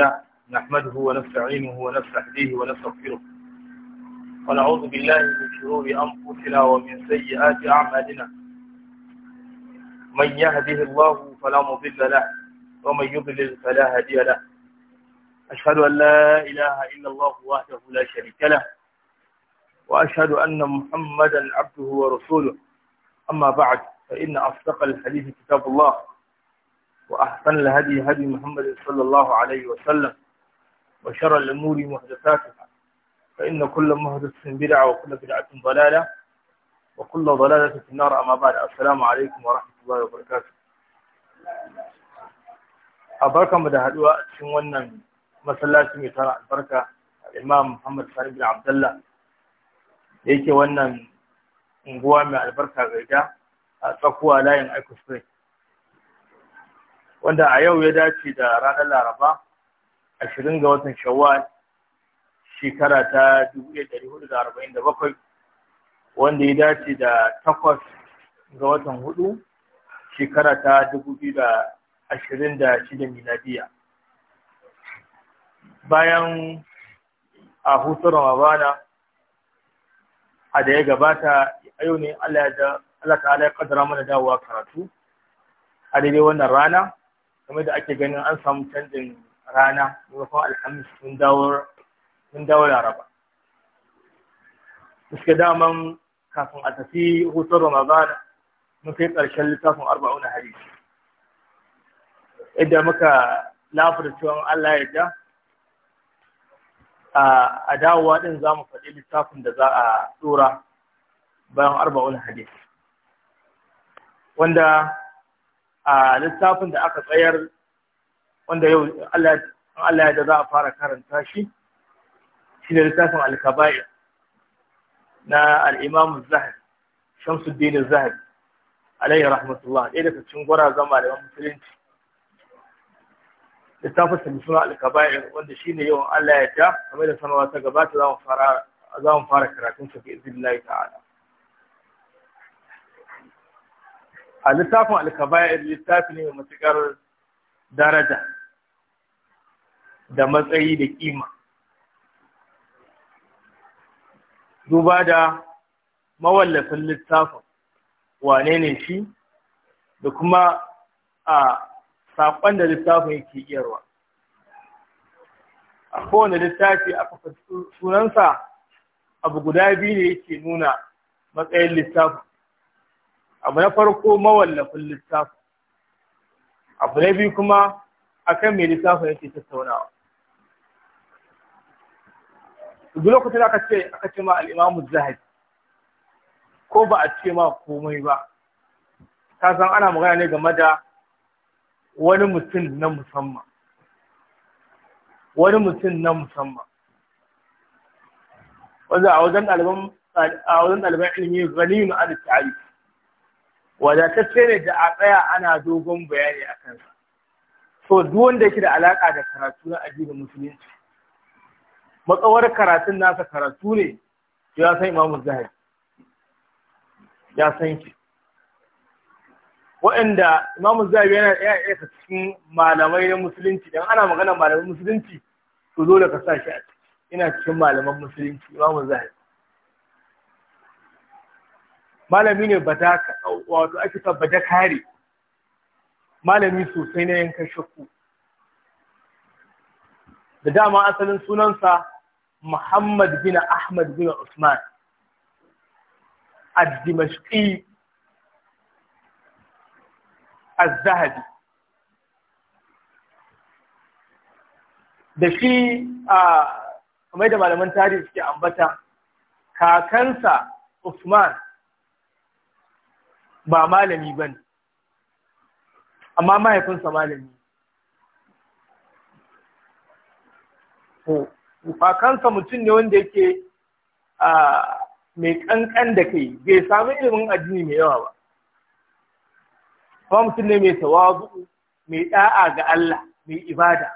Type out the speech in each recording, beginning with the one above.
نحمده ونستعينه ونستهديه ونستغفره ونعوذ بالله من شرور أنفسنا ومن سيئات أعمالنا من يهده الله فلا مضل له ومن يضلل فلا هادي له أشهد أن لا إله إلا الله وحده لا شريك له وأشهد أن محمدا عبده ورسوله أما بعد فإن أصدق الحديث كتاب الله وأحسن الهدي هدي محمد صلى الله عليه وسلم وشر الأمور محدثاتها فإن كل محدث بدعة وكل بدعة ضلالة وكل ضلالة في النار أما بعد السلام عليكم ورحمة الله وبركاته أبارك مدى هدوء سنونا مسلاتي ميتانا البركة الإمام محمد صلى بن عبد الله yake ونن نقوامي البركة albarka gaida لا tsakuwa layin wanda a yau ya dace da ranar laraba ashirin ga watan shawwal shekara ta 1447 wanda ya dace da takwas ga watan hudu shekara ta 2026 miladiya bayan a hutun ramadana a da ya gabata a yau ne Allah ta'ala ya kadara mana dawowa karatu a daidai wannan rana kamar da ake ganin an samu canjin rana maimakon alhamis sun dawo sun dawo laraba suke daman kafin a tafi hutun ramadan mun kai ƙarshen littafin arba'una hadisi yadda muka lafar cewa allah ya ja, a dawowa din za mu faɗi littafin da za a tsura bayan arba'un hadis wanda a littafin da aka tsayar wanda yau Allah ya da za a fara karanta shi shi ne littafin alkaba'ir na al'imamu Zahir, shamsuddin zahir alayhi rahmatullah ɗaya daga cikin gwarazan malaman musulunci littafin musulun alkaba'ir wanda shi ne yawan Allah ya da kamar da sanarwa ta gabata za mu fara karatun sa bi izinin ta'ala a littafin alkaba'ir littafi ne mai matuƙar daraja da matsayi da ƙima, duba da mawallafin littafin wane ne shi da kuma a saƙon da littafin yake iyarwa a kowane littafi a kafa sunansa abu guda biyu ne yake nuna matsayin littafin abu na farko mawallafin littafi abu na biyu kuma akan mai littafin yake tattaunawa duk lokacin aka ce aka ce ma al'imamu zahari ko ba a ce ma komai ba ta san ana magana ne game da wani mutum na musamman wani mutum na musamman wanda a wajen ɗaliban ilimi ganiyun al-ta'arif wadatacce ne da a tsaya ana dogon bayani a kansa so duk wanda yake da alaƙa da karatu na addinin musulunci matsawar karatun nasa karatu ne ya san imamu zahiri ya san ki. waɗanda imamu zabi yana ɗaya ɗaya cikin malamai na musulunci don ana magana malamai musulunci to dole ka sa shi a ciki ina cikin malaman musulunci imamu zabi malami ne ba ta wato ake sa ba kare malami sosai na yanka shakku da dama asalin sunansa Muhammad bin Ahmad bin Usman ad-Dimashqi az-Zahabi da shi a kamar da malaman tarihi suke ambata kakansa Usman ba malami ba ne amma mahaifinsa malami kakansa mutum ne wanda yake mai ƙanƙan da kai bai sami ilimin addini mai yawa ba kuma mutum ne mai tawazu mai ɗa'a ga Allah mai ibada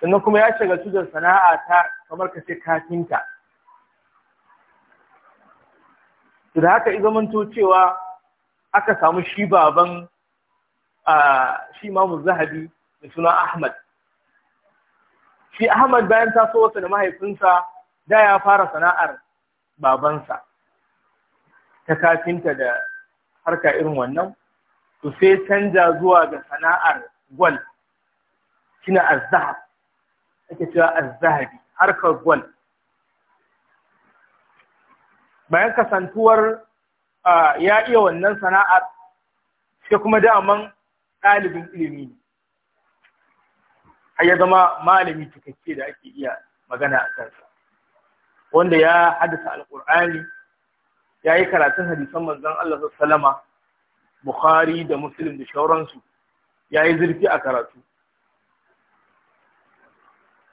sannan kuma ya shiga da sana'a ta kamar ka ce kafinta su da haka izamanto cewa aka samu shi baban a shi mamu zahabi da suna ahmad shi ahmad bayan wasu da mahaifinsa da ya fara sana'ar babansa ta kafinta da harka irin wannan to sai canja zuwa ga sana'ar gwal shi na azahar ake cewa azahari harkar gwal bayan kasantuwar ya iya wannan sana'a sai kuma daman ɗalibin ilimi A ya zama malami cikakke da ake iya magana a kansa wanda ya haddasa alƙur'ani ya yi karatun hadisan manzon Allah sallama Bukhari da Muslim da shauransu ya yi zurfi a karatu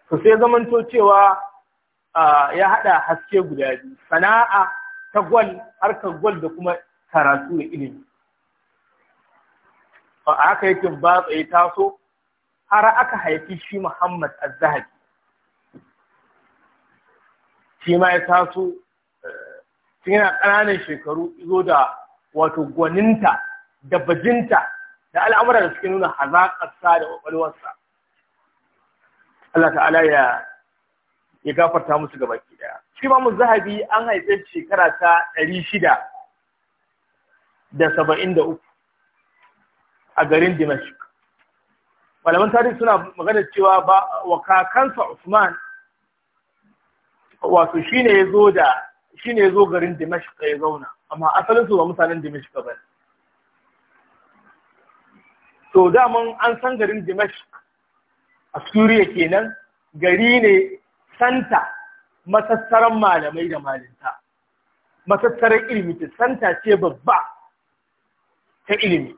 to sai zamanto cewa ya haɗa haske guda biyu sana'a ta gwal harkar gwal da kuma karatu da ilimi a aka yake ba tsaye taso har aka haifi shi Muhammad Az-Zahabi shi ma ya taso eh, yana ƙananan shekaru zo da wato gwaninta da bajinta da al'amura da suke nuna hazaƙarsa da ƙwaƙwalwarsa Allah ta'ala ya ya gafarta musu gaba ki daya shi imamu zahabi an haife shekara ta ɗari shida da saba'in da uku a garin dimashik malaman tarihi suna magana cewa ba wa kakansa usman wato shine ya da shine ya zo garin dimashik ya zauna amma asalinsu ba mutanen dimashik ba ne to daman an san garin dimashik a suriya kenan gari ne santa Matattaran malamai da malinta matattaran ilimi ta santa ce babba ta ilimi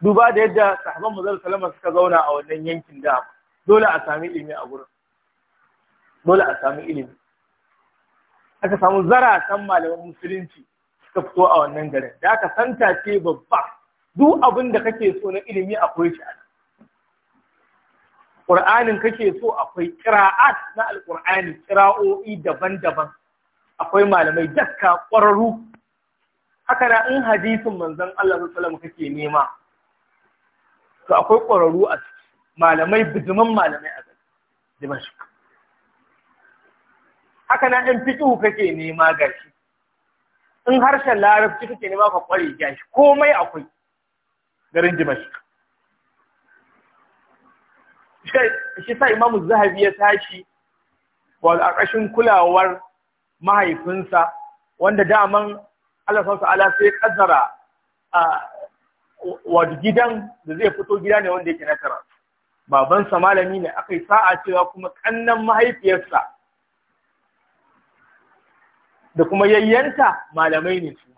duba da yadda sahabban mazal salama suka zauna a wannan yankin da dole a sami ilimi a gurin dole a sami ilimi aka samu san malaman musulunci suka fito a wannan garin da aka santa ce babba duk abin da kake so na ilimi akwai shi a Qur'anin kake so akwai kiraat na alqur'ani kira'o'i daban-daban akwai malamai dakka ƙwararru haka na in hadisin manzon Allah sallallahu kake nema to akwai ƙwararru a ciki malamai bijiman malamai a gari Dimashq haka na in fiqh kake nema gashi in harshen larabci kake nema ka ƙware gashi komai akwai garin Dimashq shi sa imamu zahabi ya tashi wa ƙashin kulawar mahaifinsa wanda daman Allah sau ta'ala sai ƙazara a gidan da zai fito gida ne wanda yake na karatu babansa malami ne aka yi sa'a cewa kuma ƙannan mahaifiyarsa da kuma yayyanta malamai ne su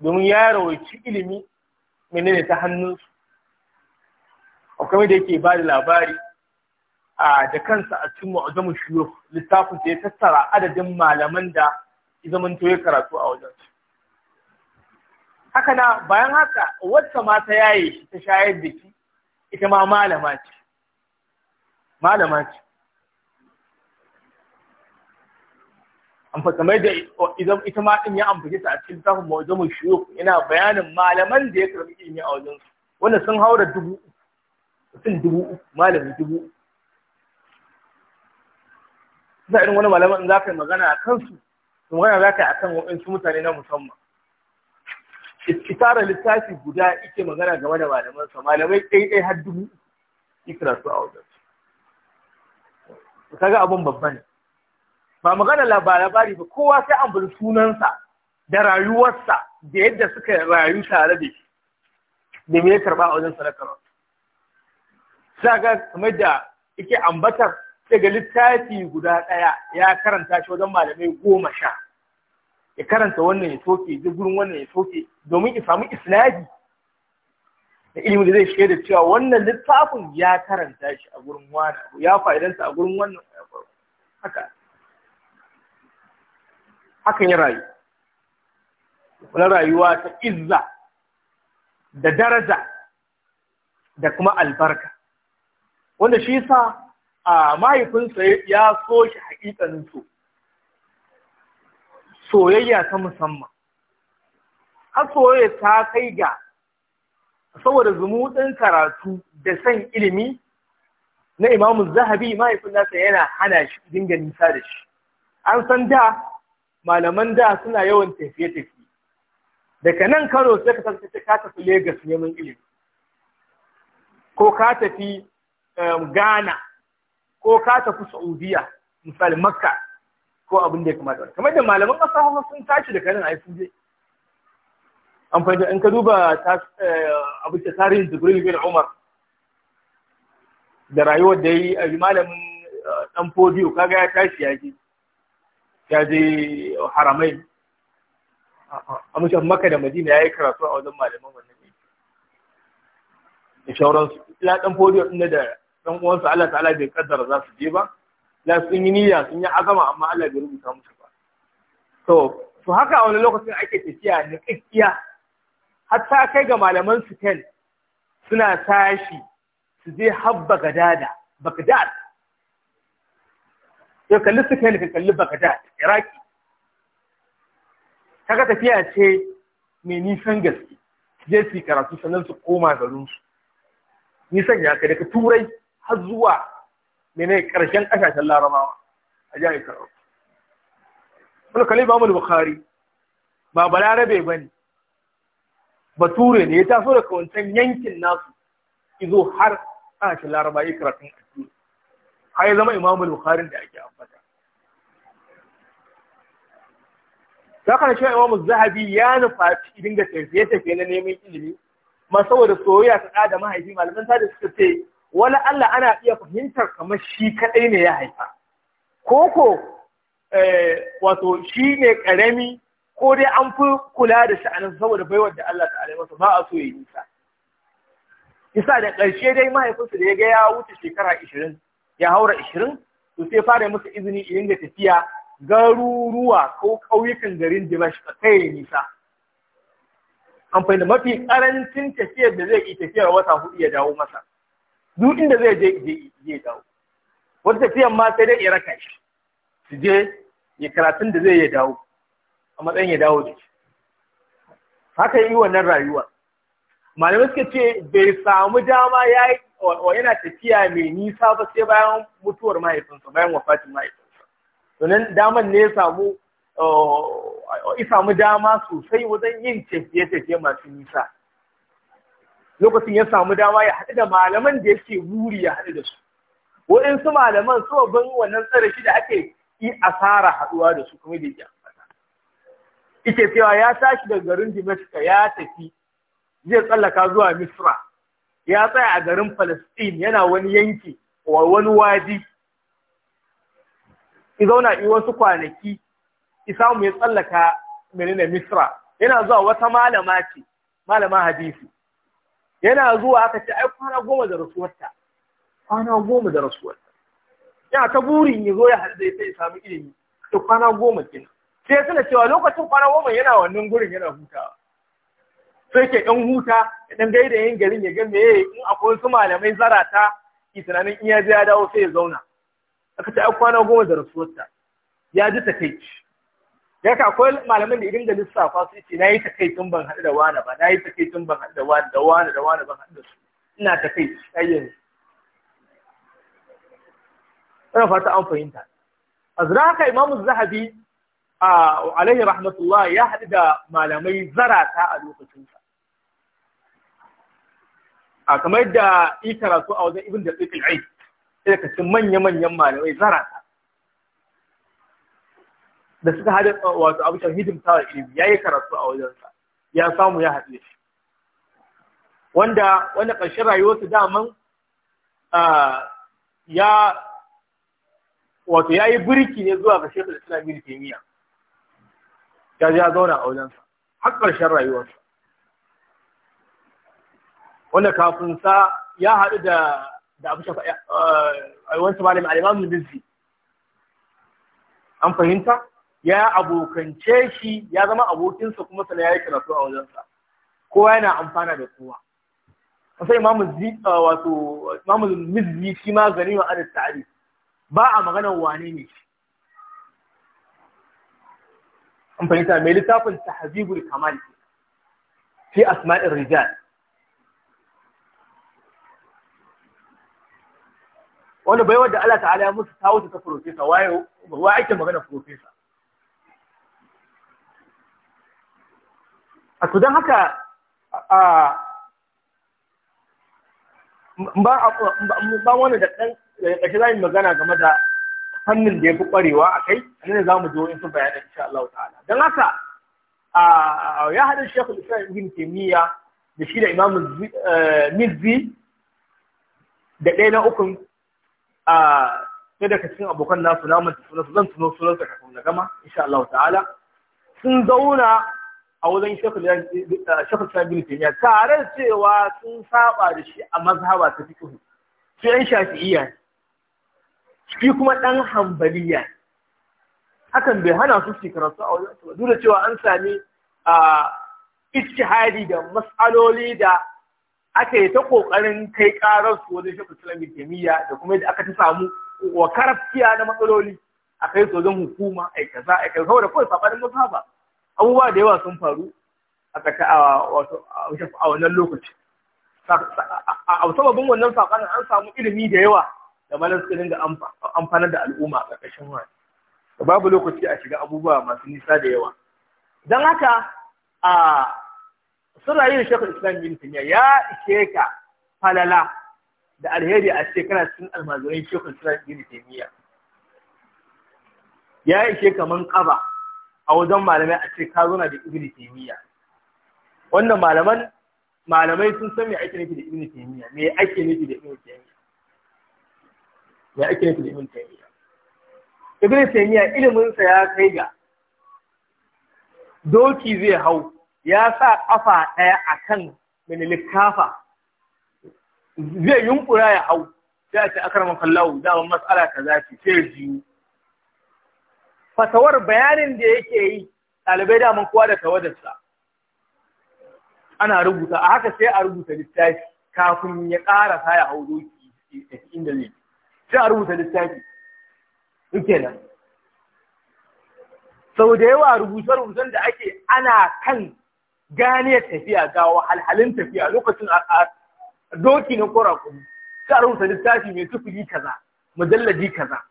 domin ya rawaici ilimi menene ta hannunsu akwai da yake ba da labari da kansa a cikin mu'azzamu shuyukh littafin da ya tattara adadin malaman da to ya karatu a wajen su haka na bayan haka wacce mata ta yaye shi ta shayar da shi ita ma malama ce malama ce mai da ita ma ɗin ya amfani ta a cikin littafin mawajin shiyo yana bayanin malaman da ya karɓi ilimi a wajen wanda sun haura dubu mutum dubu malami dubu za irin wani malaman in za ka yi magana a kansu su magana za ka yi a kan waɗansu mutane na musamman tara littafi guda ike magana game da malamansa malamai ɗaiɗai har dubu ikira su a wajen ka kaga abin babba ne ba magana labari ba kowa sai an bar sunansa da rayuwarsa da yadda suka rayu tare da shi da me ya karɓa a wajen sadakar sa ga kamar da yake ambatar daga littafi guda ɗaya ya karanta shi wajen malamai goma sha ya karanta wannan ya soke ji gurin wannan ya soke domin ya samu isnadi da ilimin da zai shaida da cewa wannan littafin ya karanta shi a gurin wani ya fa'idansa a gurin wannan haka hakan ya rayu kuma rayuwa ta izza da daraja da kuma albarka wanda shi sa a mahaifinsa ya so shi haƙiƙanin so soyayya ta musamman har soyayya ta kai ga saboda zumuɗin karatu da san ilimi na imamu zahabi mahaifin nasa yana hana shi dinga nisa da shi an san da malaman da suna yawan tafiye-tafiye daga nan kano sai ka tafi ka tafi Legas neman ilimi ko ka tafi um, Ghana ko ka tafi Saudiya misali Makka ko abin da ya kamata kamar da malaman ƙasa sun tashi da kanin ai an fahimta in ka duba abin da tarihin Jibril bin Umar da rayuwar da yi a malamin dan fodiyo kaga ya tashi ya je haramai a mushan Makka da madina yayi karatu a wajen malaman wannan ne da shauransu ila ɗan fodiyo din da dan uwansu Allah ta'ala bai kaddara za su je ba la sun yi niyya sun yi azama amma Allah bai rubuta musu ba to to haka a wani lokacin ake tafiya na kakkiya hatta kai ga malaman su ten suna tashi su je habba gadada bagdad to kalli su ten ka kalli bagdad iraki kaga tafiya ce mai nisan gaske je su karatu sannan su koma garinsu nisan ya kai daga turai har zuwa mene ƙarshen ƙasashen larabawa a jihar karo. wani ba amul Bukhari ba balarabe ba ne bature ne ya taso da kawancan yankin nasu izo har ƙasashen larabawa ya karatun addini har ya zama imamu Bukhari da ake ambata ta kan shi imamu zahabi ya nufa idan ga tafiye-tafiye na neman ilimi ma saboda soyayya ta da mahaifi malaman ta da suka ce wala Allah ana iya fahimtar kamar shi kaɗai ne ya haifa koko eh, wato shi ne ƙarami ko dai an fi kula da sha'anin saboda baiwar da Allah ta'ala masa ba a so ya yi nisa isa da ƙarshe dai mahaifinsu da ya ga ya wuce shekara ishirin ya haura ishirin to sai fara masa izini idan da tafiya garuruwa ko ƙauyukan garin da kai nisa amfani da mafi ƙarancin tafiyar da zai yi tafiyar wata hudu ya dawo masa duk da zai je ya dawo wata tafiyan ma sai dai ya raka shi su je ya karatun da zai ya dawo a matsayin ya dawo da shi haka yi wannan rayuwa malamai suka ce bai samu dama ya yi yana tafiya mai nisa ba sai bayan mutuwar mahaifinsa bayan wafatin mahaifinsa domin daman ne ya samu oh, samu dama sosai wajen yin tafiye-tafiye masu nisa lokacin ya samu dama ya haɗu da malaman da yake buri ya haɗu da su waɗansu malaman su ban wannan tsare shi da ake yi asara haɗuwa da su kuma da ya ike cewa ya tashi daga garin Dimashka ya tafi zai tsallaka zuwa Misra ya tsaya a garin Palestine yana wani yanki wa wani wadi ki zauna yi wasu kwanaki ki samu ya tsallaka menene Misra yana zuwa wata malama ce malama hadisi yana zuwa aka ce ai kwana goma da rasuwarta kwana goma da rasuwarta ya ta burin ya zo ya haɗu da ya samu ilimi ta kwana goma kenan sai ya tana cewa lokacin kwana goma yana wannan gurin yana hutawa sai ke ɗan huta ya ɗan gaida yin garin ya ga meye in akwai wasu malamai zarata ki tunanin in ya je ya dawo sai ya zauna aka ce ai kwana goma da rasuwarta ya ji takaici da akwai malamin da irin da lissafa su ce kai takaitun ban haɗu da wani ba nayi takaitun ban haɗu da wani da wani da wani ban haɗu da su ina takai ai yanzu ina fata an fahimta azra haka imamu zahabi alaihi rahmatullah ya haɗu da malamai zarata a lokacinsa a kamar da yi karatu a wajen ibn da tsikin ai sai ka ci manya-manyan malamai zarata da suka hada uh, wato abu shan hidimta wa ilimi ya yi karatu a wajensa ya samu ya haɗe shi wanda wanda ƙarshen rayuwarsa daman uh, ya wato ya yi birki ne zuwa ga shekul islam ibn taymiya ya ya zauna a wajensa har ƙarshen rayuwarsa wanda kafin sa ya haɗu da da abu shafa uh, a wancan malami al'imamu bizzi an fahimta ya abokance shi ya zama abokinsa kuma sana ya yi karatu a wajensa kowa yana amfana da kowa sai imamu zi wato imamu shi ma gani wa adis ta'ari ba a maganar wane ne shi an fahimta mai littafin da kamal fi asma'in rijal wanda baiwar da Allah ta'ala ya musu ta wuce ta profesa waye wa ake magana profesa a to don haka a ba wani da ɗan ƙashi za mu magana game da fannin da ya fi ƙwarewa a kai a nan za mu ji wani sun bayanan insha Allah ta'ala don haka ya haɗa shekul islam ke miya da shi da imam e, mizzi da ɗaya na ukun a sai daga cikin abokan nasu namun tafi zan tuno sunan sunansa kafin na gama insha Allah ta'ala sun zauna a wajen shafin shabin taimiya tare cewa sun saba da shi a mazhaba ta kuhu su yan iya shi kuma ɗan hambaliya hakan bai hana su su karatu a wajen ba duk da cewa an sami hari da matsaloli da aka yi ta kokarin kai karar su wajen shafin shabin taimiya da kuma yadda aka ta samu wa karafkiya na matsaloli a kai su hukuma aikaza aikaza ai saboda kawai sabanin mazhaba abubuwa da yawa sun faru a tsaka a wannan lokaci. a sababin wannan saƙonin an samu ilimi da yawa da malar suka dinga amfana da al'umma a ƙarƙashin wani da babu lokaci a shiga abubuwa masu nisa da yawa don haka a sirayin shekar islam yin tumiya ya ishe ka falala da alheri a ce kana cikin almazurin shekar islam yin tumiya ya ishe ka man ƙaba a wajen malamai a ce ka zauna da ibn taymiya wannan malaman malamai sun san me ake nufi da ibn taymiya me ake nufi da ibn taymiya me ake nufi da ibn taymiya ibn taymiya ilimin sa ya kai ga doki zai hau ya sa kafa daya akan min likafa zai yunkura ya hau sai a ce akramakallahu da mas'ala kaza ce sai jiyu fatawar bayanin da yake yi ɗalibai daman kowa da tawadarsa ana rubuta a haka sai a rubuta littafi kafin ya ƙara sa ya hau doki inda zai sai a rubuta littafi duke nan sau da yawa rubuce-rubucen da ake ana kan gane tafiya ga wahalhalin tafiya lokacin doki na kura sai a rubuta littafi mai tufuri kaza mujallaji kaza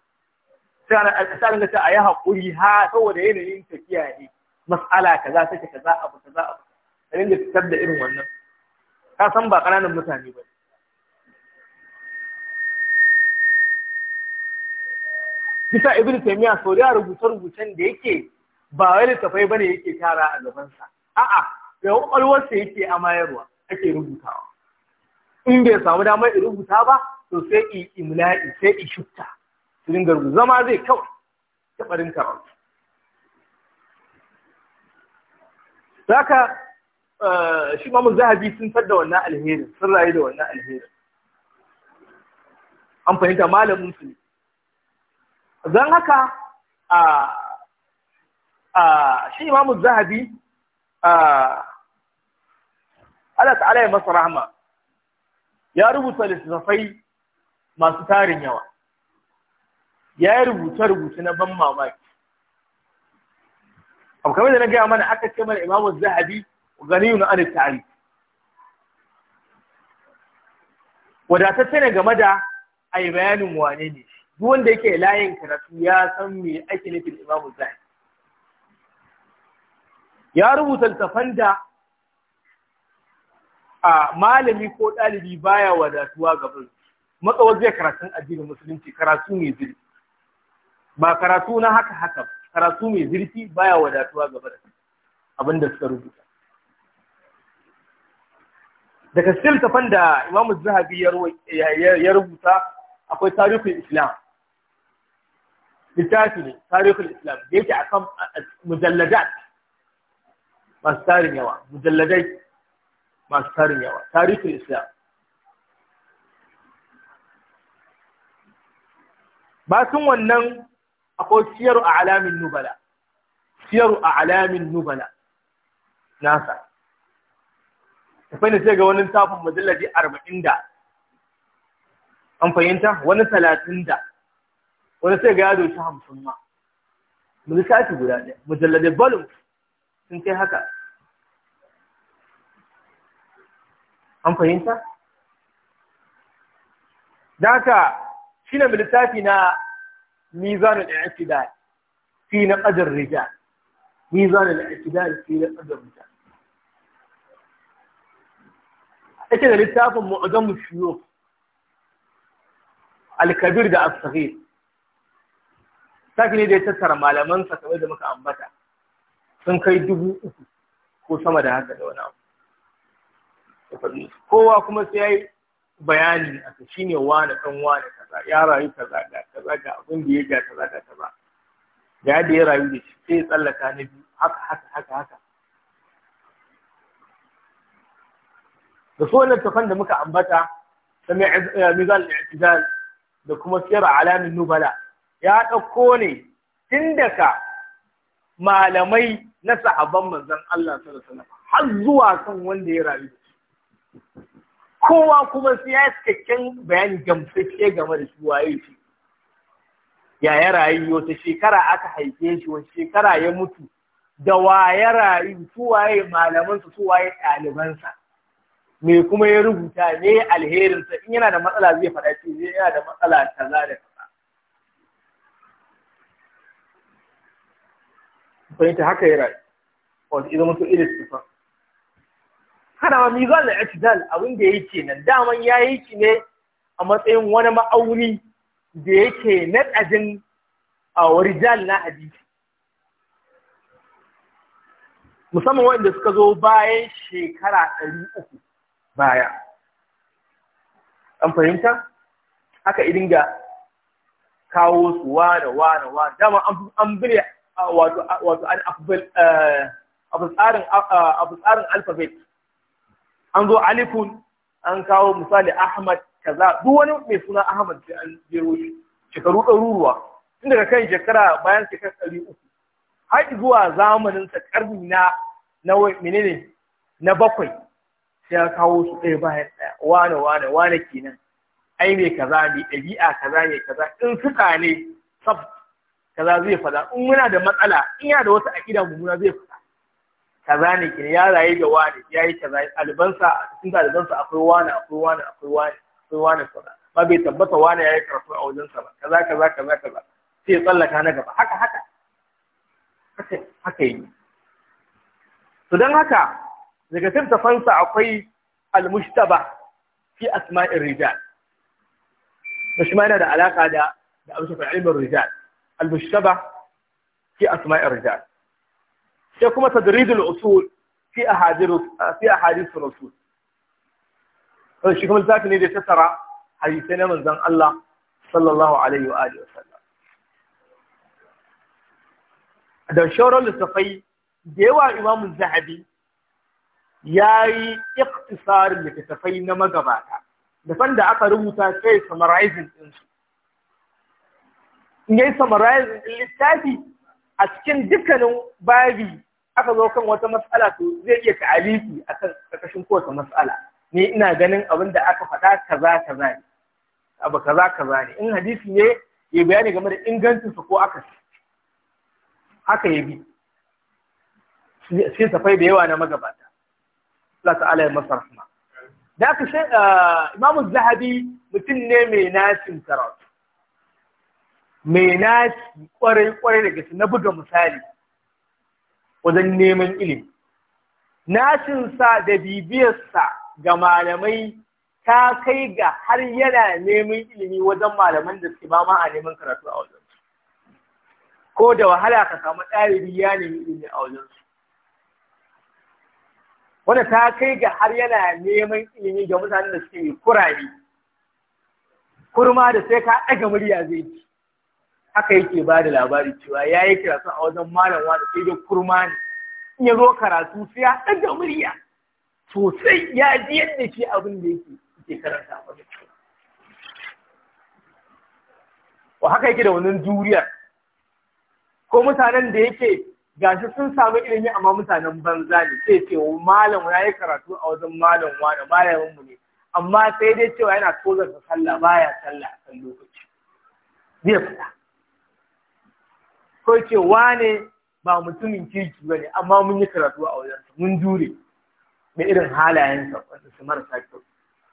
sai an ta a yi haƙuri ha saboda yanayin tafiya ne mas'ala kaza take kaza abu ka za a dinga fitar da irin wannan ka san ba ƙananan mutane ba bisa ibn taymiya sau da rubuce rubucen da yake ba wai littafai bane yake tara a gabansa a'a da kwakwalwarsa yake mayarwa ake rubutawa in bai samu damar rubuta ba to sai i imla'i sai i shutta su dinga zama zai kawai tabarin karatu haka eh, shi mamun zahabi sun fadda wannan alherin sun rayu da wannan alherin an fahimta malamin su ne Zan haka a shi mamun zahabi Allah ta'ala ya masa rahma ya rubuta littattafai masu tarin yawa ya yi rubuce-rubuce na ban mamaki abu kamar da na gaya mana aka ce mana imamun zahabi yi na tari wadatacce ne game da a yi bayanin wane ne duk wanda yake layin karatu ya san me ake nufin imamun zahabi ya rubuta littafan da a malami ko ɗalibi baya wadatuwa gaban matsawar zai karatun addinin musulunci karatu mai zirgi ba karatu na haka haka karatu mai zirfi baya wadatuwa gaba da abin da suka rubuta daga tafan da imamu zahabi ya rubuta akwai tarihin islam littafi ne tarihin islam da yake a kan mujalladat masu tarin yawa mujalladai masu tarin yawa tarihin islam sun wannan akwai siyaru a alamin nubala siyaru a alamin nubala nasa tafai da sai ga wani tafin majallaji arba'in da an fahimta wani talatin da wani sai ga yado shi hamsin ma lissafi guda ɗaya mujalladai balum sun kai haka an fahimta? da haka shi ne lissafi na ميزان الاعتدال في نقد الرجال ميزان الاعتدال في نقد الرجال ita da littafin mu'azamu shiyo alkabir da asahir tafi ne da ya tattara malaman sa kamar da muka ambata sun kai dubu uku ko sama da haka da wani abu kuma sai bayani a ka shine wane ɗan wane kaza ya rayu kaza ga kaza ga abin da ya ga kaza ga kaza ga yadda ya rayu da shi sai tsallaka na biyu haka haka haka haka da su wannan tafan da muka ambata da mizal al da kuma siyar alamin nubala ya ɗauko ne tun daga malamai na sahabban manzon Allah sallallahu alaihi wasallam har zuwa kan wanda ya rayu da shi kowa kuma sai ya cikakken bayani gamsacce game da shi waye shi ya ya rayu wata shekara aka haife shi wani shekara ya mutu da wa ya rayu su waye malamansa su waye ɗalibansa me kuma ya rubuta me alherinsa in yana da matsala zai faɗa ce zai yana da matsala za da kaza fahimta haka ya rayu Wasu idan mutu ilis tufan harami zan da dal abin da yake nan daman ya yi ki ne a matsayin wani ma'auni da yake na ƙajin a warijal na hadisi musamman waɗanda suka zo bayan shekara ɗari uku baya an fahimta haka idin ga kawo su wane wane wane dama an bire wato an eh, abu tsarin alfabet an zo alifun an kawo misali ahmad kaza duk wani mai suna ahmad sai an jero shi shekaru ɗaruruwa tun daga kan shekara bayan shekara ɗari uku har zuwa zamanin sa ƙarni na na menene na bakwai sai ya kawo su ɗaya bayan ɗaya wane wane wane kenan ai mai kaza mai ɗabi'a kaza mai kaza in suka ne sab kaza zai faɗa in muna da matsala in yana da wata aƙida muna zai faɗa kaza ne ke ya rayu da wani ya yi kaza albansa cikin albansa akwai wani akwai wani akwai wani akwai wani kaza ba bai tabbata wani ya yi karatu a wajen sa ba kaza kaza kaza kaza sai ya tsallaka na gaba haka haka haka yi to dan haka daga fansa akwai almustaba fi asma'in rijal da shi yana da alaka da da amsa fa ilmin rijal almustaba fi asma'in rijal sai kuma tadridul usul fi ahadith fi ahadith rasul to shi kuma zaka ne da tattara hadisai na manzon Allah sallallahu alaihi wa alihi wasallam da shauran littafai da yawa imamu zahabi ya yi iktisarin littattafai na magabata da da aka rubuta sai summarizing ɗinsu in summarizing littafi a cikin dukkanin babi aka zo kan wata matsala to zai iya a akan ƙarƙashin kowace matsala ni ina ganin abin da aka faɗa kaza kaza ne abu kaza kaza ne in hadisi ne ya bayani game da ingancinsa ko aka haka ya bi sai tafai da yawa na magabata Allah ta'ala ya masa rahma da aka shi ah, Imam Zahabi mutum ne mai nashin karatu mai nashi kwarai kwarai daga na buga misali wajen neman ilimi nashinsa da bibiyarsa ga malamai ta kai ga har yana neman ilimi wajen malaman da suke ba a neman karatu a wajen ko da wahala ka samu ɗalibi ya nemi ilimi a wajen su wanda ta kai ga har yana neman ilimi ga mutanen da suke kurari kurma da sai ka ɗaga murya zai ci haka yake ba da labari cewa ya yi karatu a wajen malam wani sai da kurma ne in ya zo karatu sai ya ɗaga murya sosai ya ji yadda shi abin da yake ke karanta a wajen wa haka yake da wani juriyar ko mutanen da yake gashi sun sami ilimi amma mutanen banza ne sai ce oh, malam ya yi karatu a wajen malam wani malamin mu ne amma sai dai cewa yana tozarta sallah baya sallah a kan lokaci zai fita ko ce ne ba mutumin kirki ba ne amma mun yi karatu a wajensa mun jure da irin halayensa wanda su marasa kyau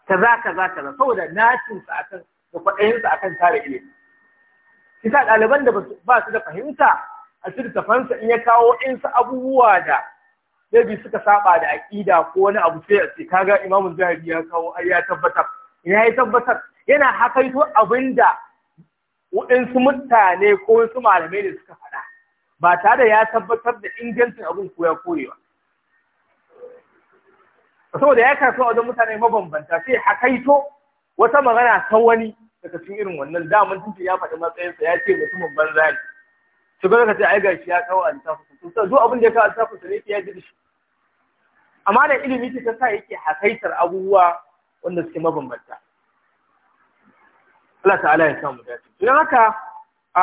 kaza kaza kaza saboda a akan da kwaɗayinsa akan tara ilimi kisa ɗaliban da ba su da fahimta a littafansa in ya kawo insa abubuwa da maybe suka saba da aƙida ko wani abu sai a ce kaga imamun zahabi ya kawo ya tabbatar ina ya tabbatar yana hakaito abinda waɗansu mutane ko wasu malamai da suka faɗa ba tare da ya tabbatar da ingancin abin ko ya korewa saboda ya kasu a wajen mutane mabambanta sai hakaito wata magana ta wani daga cikin irin wannan damar tunce ya faɗi matsayinsa ya ce mutumin banza ne su ga a ai gashi ya kawo a sun duk abin da ya kawo altafin ne ya ji shi amma da ilimi ta sa yake hakaitar abubuwa wanda suke mabambanta Allah ta'ala ya samu dace don haka a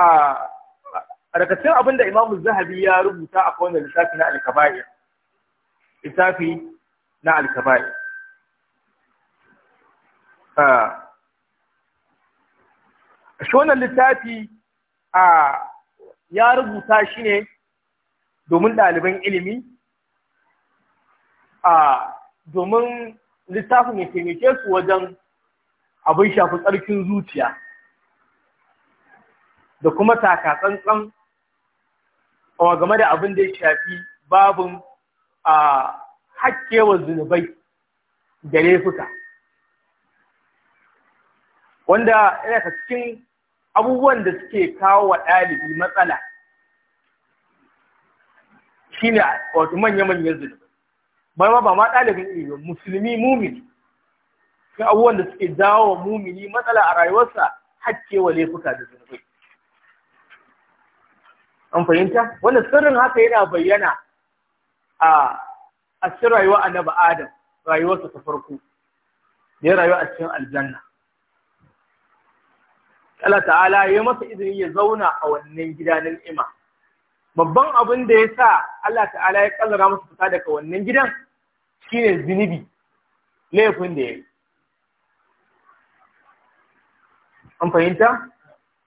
daga cikin abin da Imam Zahabi ya rubuta a kawai littafi na al-kaba'ir littafi na al-kaba'ir shi wannan littafi a ya rubuta shi ne domin ɗaliban ilimi a domin littafin ya taimake su wajen abin shafi tsarkin zuciya da kuma takatsantsan a game da abin da ya shafi babin a hakkewa zunubai da laifuka wanda yana ka cikin abubuwan da suke kawo wa ɗalibi matsala shi ne wato manya-manyan zunubai ba ma ba ma ɗalibin ilimin musulmi mumini ga abubuwan da suke jawo wa mumini matsala a rayuwarsa hacce wa laifuka da zunubai an fahimta wanda sirrin haka yana bayyana a a cikin rayuwa naba adam rayuwarsa ta farko da ya rayuwa a cikin aljanna Allah ta'ala ya masa izini ya zauna a wannan gida na ni'ima babban abin da ya sa Allah ta'ala ya kallara masa fita daga wannan gidan shine zunubi laifin da ya yi an fahimta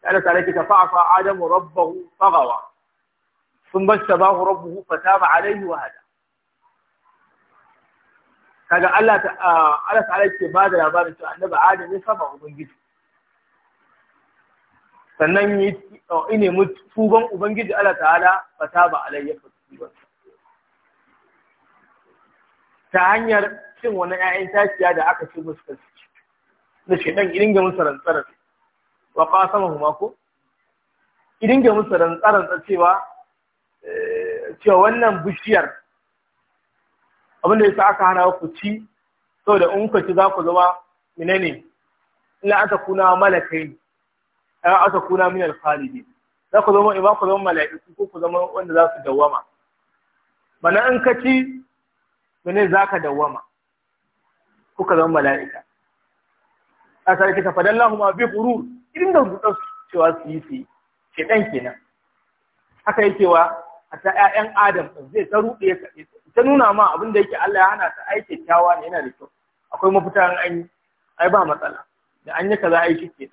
Allah ta rake adamu rabbahu fagawa sun bastabahu rabbuhu fataba alaihi wa hada kaga Allah ta Allah ta ba da labarin cewa annabi adam ya saba ubangiji sannan yi ne mu tuban ubangiji Allah ta'ala fataba alaihi wa hada ta hanyar cin wani ‘ya'yan tashiya da aka ce musu na da ɗan irin ga musu rantsarar wa qasamahuma ko idan ga musu tsaron cewa eh, cewa wannan bishiyar abinda sa aka hana ku ci sau da ku ci za ku zama ne ina aka kuna malakai ai aka kuna min al za ku zama ba ku zama mala'iku ko ku zama wanda za su dawama bana in ka ci mene za ka ko ka zama mala'ika a sarki ta faɗin lahu ma bi gurur irin da rubuta su cewa su yi su yi kenan haka cewa a ta ‘ya’yan adam zai ta ruɗe ka ta nuna ma abin da yake Allah ya hana ta ai kyakkyawa ne yana da kyau akwai mafita an yi ai ba matsala da an yi kaza aiki ke.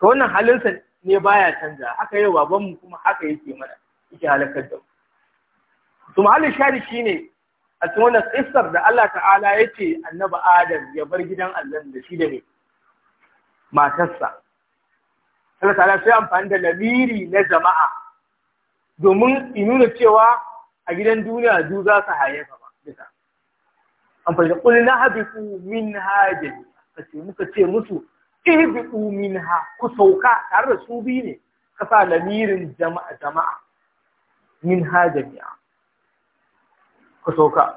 Ka wannan halinsa ne baya canza haka yau babanmu kuma haka yake mana yake halakar da mu to mahallin shari shine a cikin wannan tsissar da Allah ta'ala ya ce annabi Adam ya bar gidan Allah da shi da mai matarsa Allah ta'ala sai amfani da lamiri na jama'a domin in nuna cewa a gidan duniya du za su ba bisa amfani da kullu nahbiqu minha jami'a ce muka ce musu ihbiqu minha ku sauka tare da su biyu ne kasa lamirin jama'a jama'a minha jami'a ku sauka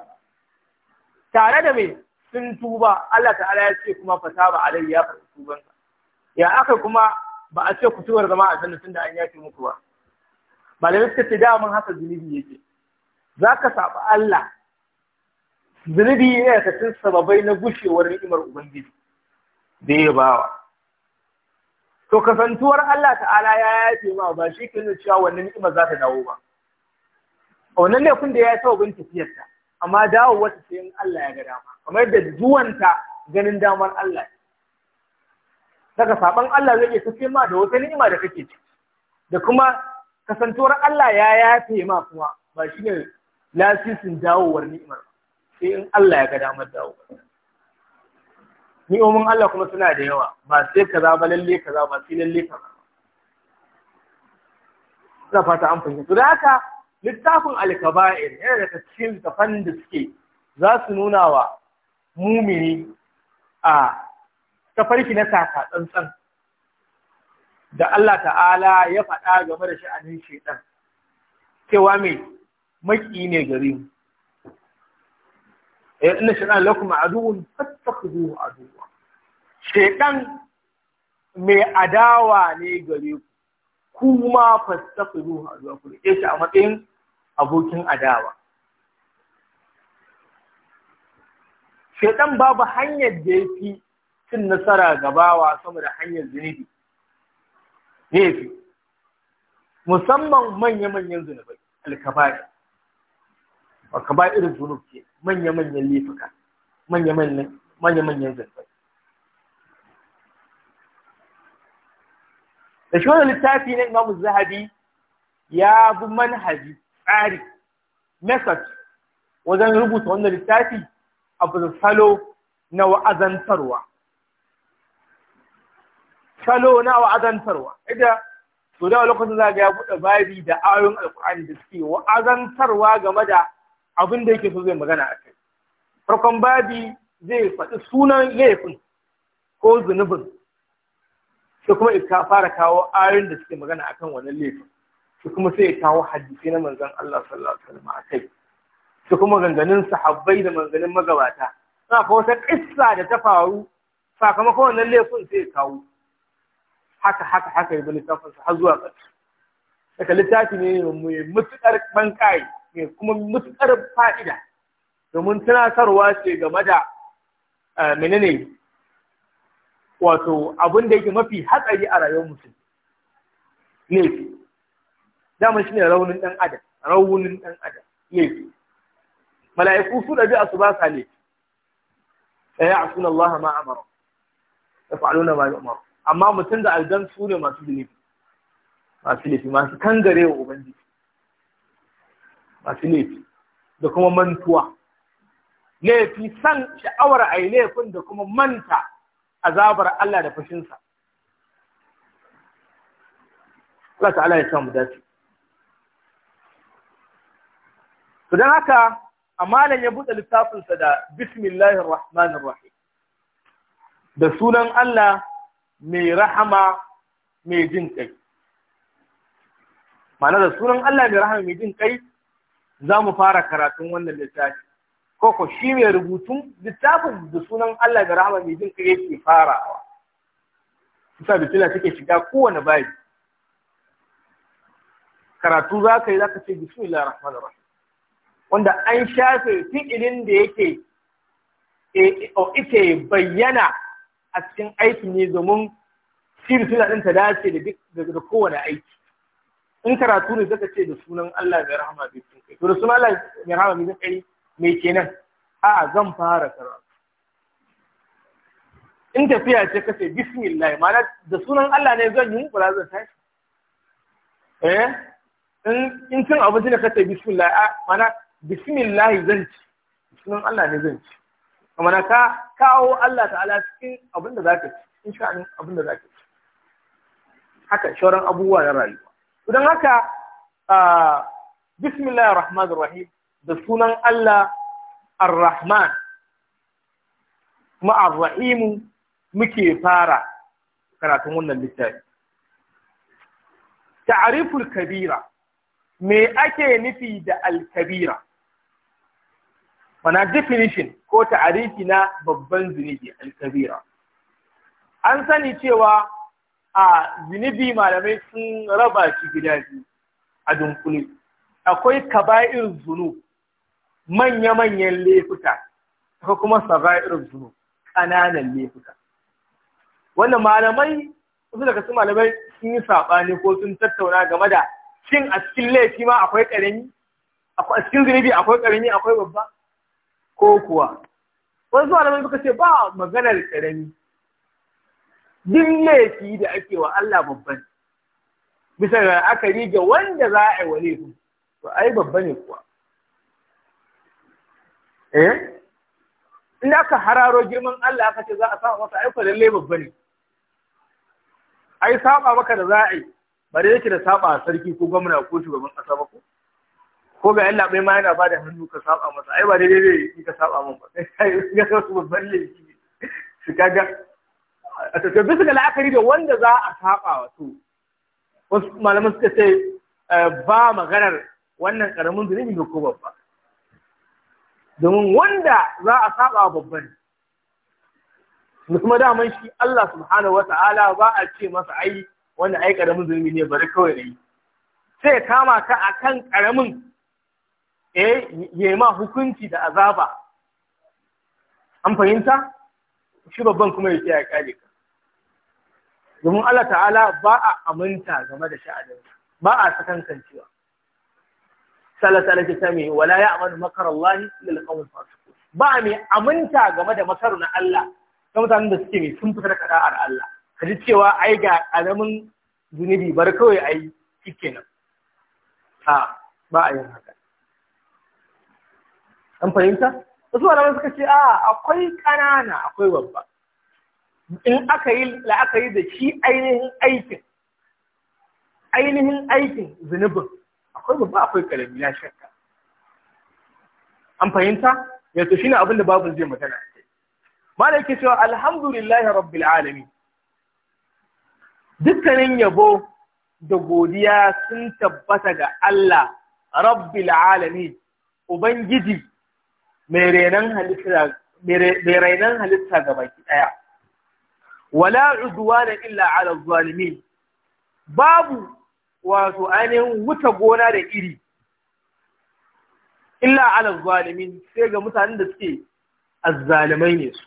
tare da mai sun tuba Allah ta'ala ya ce kuma fasaba alayya fa tubanka ya aka kuma ba a ce kutuwar zama a tun da an yafe muku ba da suka ce daman haka zunubi yake za ka saɓa Allah zunubi yana da cikin sababai na gushewar ni'imar ubangiji da ya bawa to kasantuwar Allah ta'ala ya yafe ma ba shi ke cewa wannan ni'imar za ta dawo ba A wannan laifin da ya yi sababin tafiyarta amma dawo wata sai Allah ya ga dama kamar da zuwanta ganin damar Allah daga saban Allah zai iya ma da wata ni'ima da kake ci da kuma kasantuwar Allah ya yafe ma kuma ba shi ne lasisin dawowar ni'imar sai in Allah ya ga damar dawowar ni'omin Allah kuma suna da yawa ba sai kaza ba lalle kaza ba sai lalle ba ina fata an fahimta da haka littafin alkaba'ir yana daga cikin tafan da suke za su nuna wa mumini a farki na saka tsantsan da Allah ta'ala ya faɗa game da sha'anin shaitan cewa mai maki ne gare mu eh inna shaitan lakum aduwwun fattakhuduhu aduwwa shaitan mai adawa ne gare ku kuma fattakhuduhu aduwwa ku ne shi a matsayin abokin adawa shaitan babu hanyar da yake cin nasara gabawa sama da hanyar zunubi ne fi musamman manya-manyan zunubai alkabari a irin zunub ke manya-manyan laifuka manya-manyan zunubai da shi wani littafi na imamu zahabi ya bi manhaji tsari method wajen rubuta wannan littafi abu da salo na wa'azantarwa kalo na wa'azantarwa ida to da lokacin za ga ya buɗe babi da ayoyin alkur'ani da suke wa'azantarwa game da abin da yake so zai magana a kai farkon babi zai faɗi sunan laifin ko zunubin sai kuma ya fara kawo ayoyin da suke magana a kan wannan laifin sai kuma sai ya kawo hadisi na manzan Allah sallallahu alaihi wasallam akai sai kuma ganganin sahabbai da manzanin magabata na kawo wata kissa da ta faru sakamakon wannan laifin sai ya kawo haka haka haka yi littafin sa har zuwa ƙarshe daga littafi ne mai matuƙar bankai mai kuma matuƙar fa'ida domin tunatarwa ce game da eh, menene wato abin da yake mafi hatsari a rayuwar mutum laifi dama shi ne raunin ɗan adam raunin ɗan adam laifi mala'iku su biya su ba sa laifi ya yi a sunan Allah ma amara ya fa'aluna ma yi amma mutum da aljan su ne masu laifi. masu laifi masu kangare wa ubangiji masu laifi da kuma mantuwa laifi san sha'awar a yi laifin da kuma manta azabar Allah da fashinsa Allah ta'ala ya samu dace to don haka Amalan ya buɗe littafinsa da bismillahir rahmanir rahim da sunan Allah mai rahama mai jin kai ma'ana da sunan Allah mai rahama mai jin kai za mu fara karatun wannan littafi ko ko shi mai rubutun littafin da sunan Allah mai rahama mai jin kai yake farawa kusa da bitila take shiga kowane bayi karatu za ka yi za ka ce bismillah rahman rahim wanda an shafe fi'ilin da yake eh, eh, ake bayyana a cikin aiki ne domin siri suna ɗin ta dace da kowane aiki in karatu ne zaka ce da sunan Allah mai rahama bai sun kai to da sunan Allah mai rahama bai sun kai me kenan a'a zan fara karatu in tafiya ce kace bismillah ma'ana da sunan Allah ne zan yi ba zan tashi eh in cin abinci ne kace bismillah ma'ana bismillah zan ci sunan Allah ne zan ci kamar ka kawo Allah ta'ala cikin abin da ka ci in sha'anin abin da ka ci haka shauran abubuwa na rayuwa idan haka bismillahir rahmanir rahim da sunan Allah ar-rahman kuma ar-rahim muke fara karatun wannan littafi ta'riful kabira me ake nufi da al-kabira Bana definition ko ta'arifi na babban zunubi al-kabira an sani cewa a zunubi malamai sun raba shi gida biyu a dunkule akwai kaba'ir zunub manya-manyan laifuka ta kuma saba'ir zunub ƙananan laifuka wannan malamai wasu daga su malamai sun yi saɓani ko sun tattauna game da cin a cikin laifi ma akwai ƙarami a cikin zunubi akwai ƙarami akwai babba ko kuwa wasu da suka ce ba maganar ƙarami. duk laifi da ake wa Allah babban bisa ga aka riga wanda za a yi wa laifin to ai babba ne kuwa eh in aka hararo girman Allah aka ce za a sa masa aiko laifin babba ne ai saba maka da za a yi ba yake da saba sarki ko gwamna ko shugaban ƙasa ba ko ko ga Allah bai ma yana ba da hannu ka saba masa ai ba daidai ne in ka saba mun ba sai ga su babban laifi ne su kaga a to bisa ga la'akari da wanda za a saba wa to wasu malaman suka ce eh, ba maganar wannan karamin zunubi ne ko babba domin wanda za a saba wa babban da kuma daman shi Allah subhanahu wa ta'ala ba a ce masa ai wanda ai karamin zunubi ne bari kawai da yi sai kama ka akan karamin eh ya ma hukunci da azaba an fahimta shi babban kuma ya ya kare ka domin Allah ta'ala ba a aminta game da sha'anin ba a sakankancewa salasala ta sami wala ya amanu makar Allah lil qawm fasiqun ba mai aminta game da makarun na Allah kuma mutanen da suke mai sun fita daga da'ar Allah ka ji cewa ai ga karamin zunubi bar kawai ai nan. ha ba a yin haka an fahimta wasu malamai suka ce a akwai ƙanana akwai babba in aka yi la'akari da shi ainihin aikin ainihin aikin zunubin akwai babba akwai karami ya shakka an fahimta yato shi ne abinda babu zai magana mala yake cewa alhamdulillahi rabbil alami. dukkanin yabo da godiya sun tabbata ga Allah rabbil alami) ubangiji mai rainan halitta ga baki ɗaya. Wala da illa ala zalimin babu wato ainihin wuta gona da iri, illa ala zalimin sai ga mutanen da suke azzalimai ne su.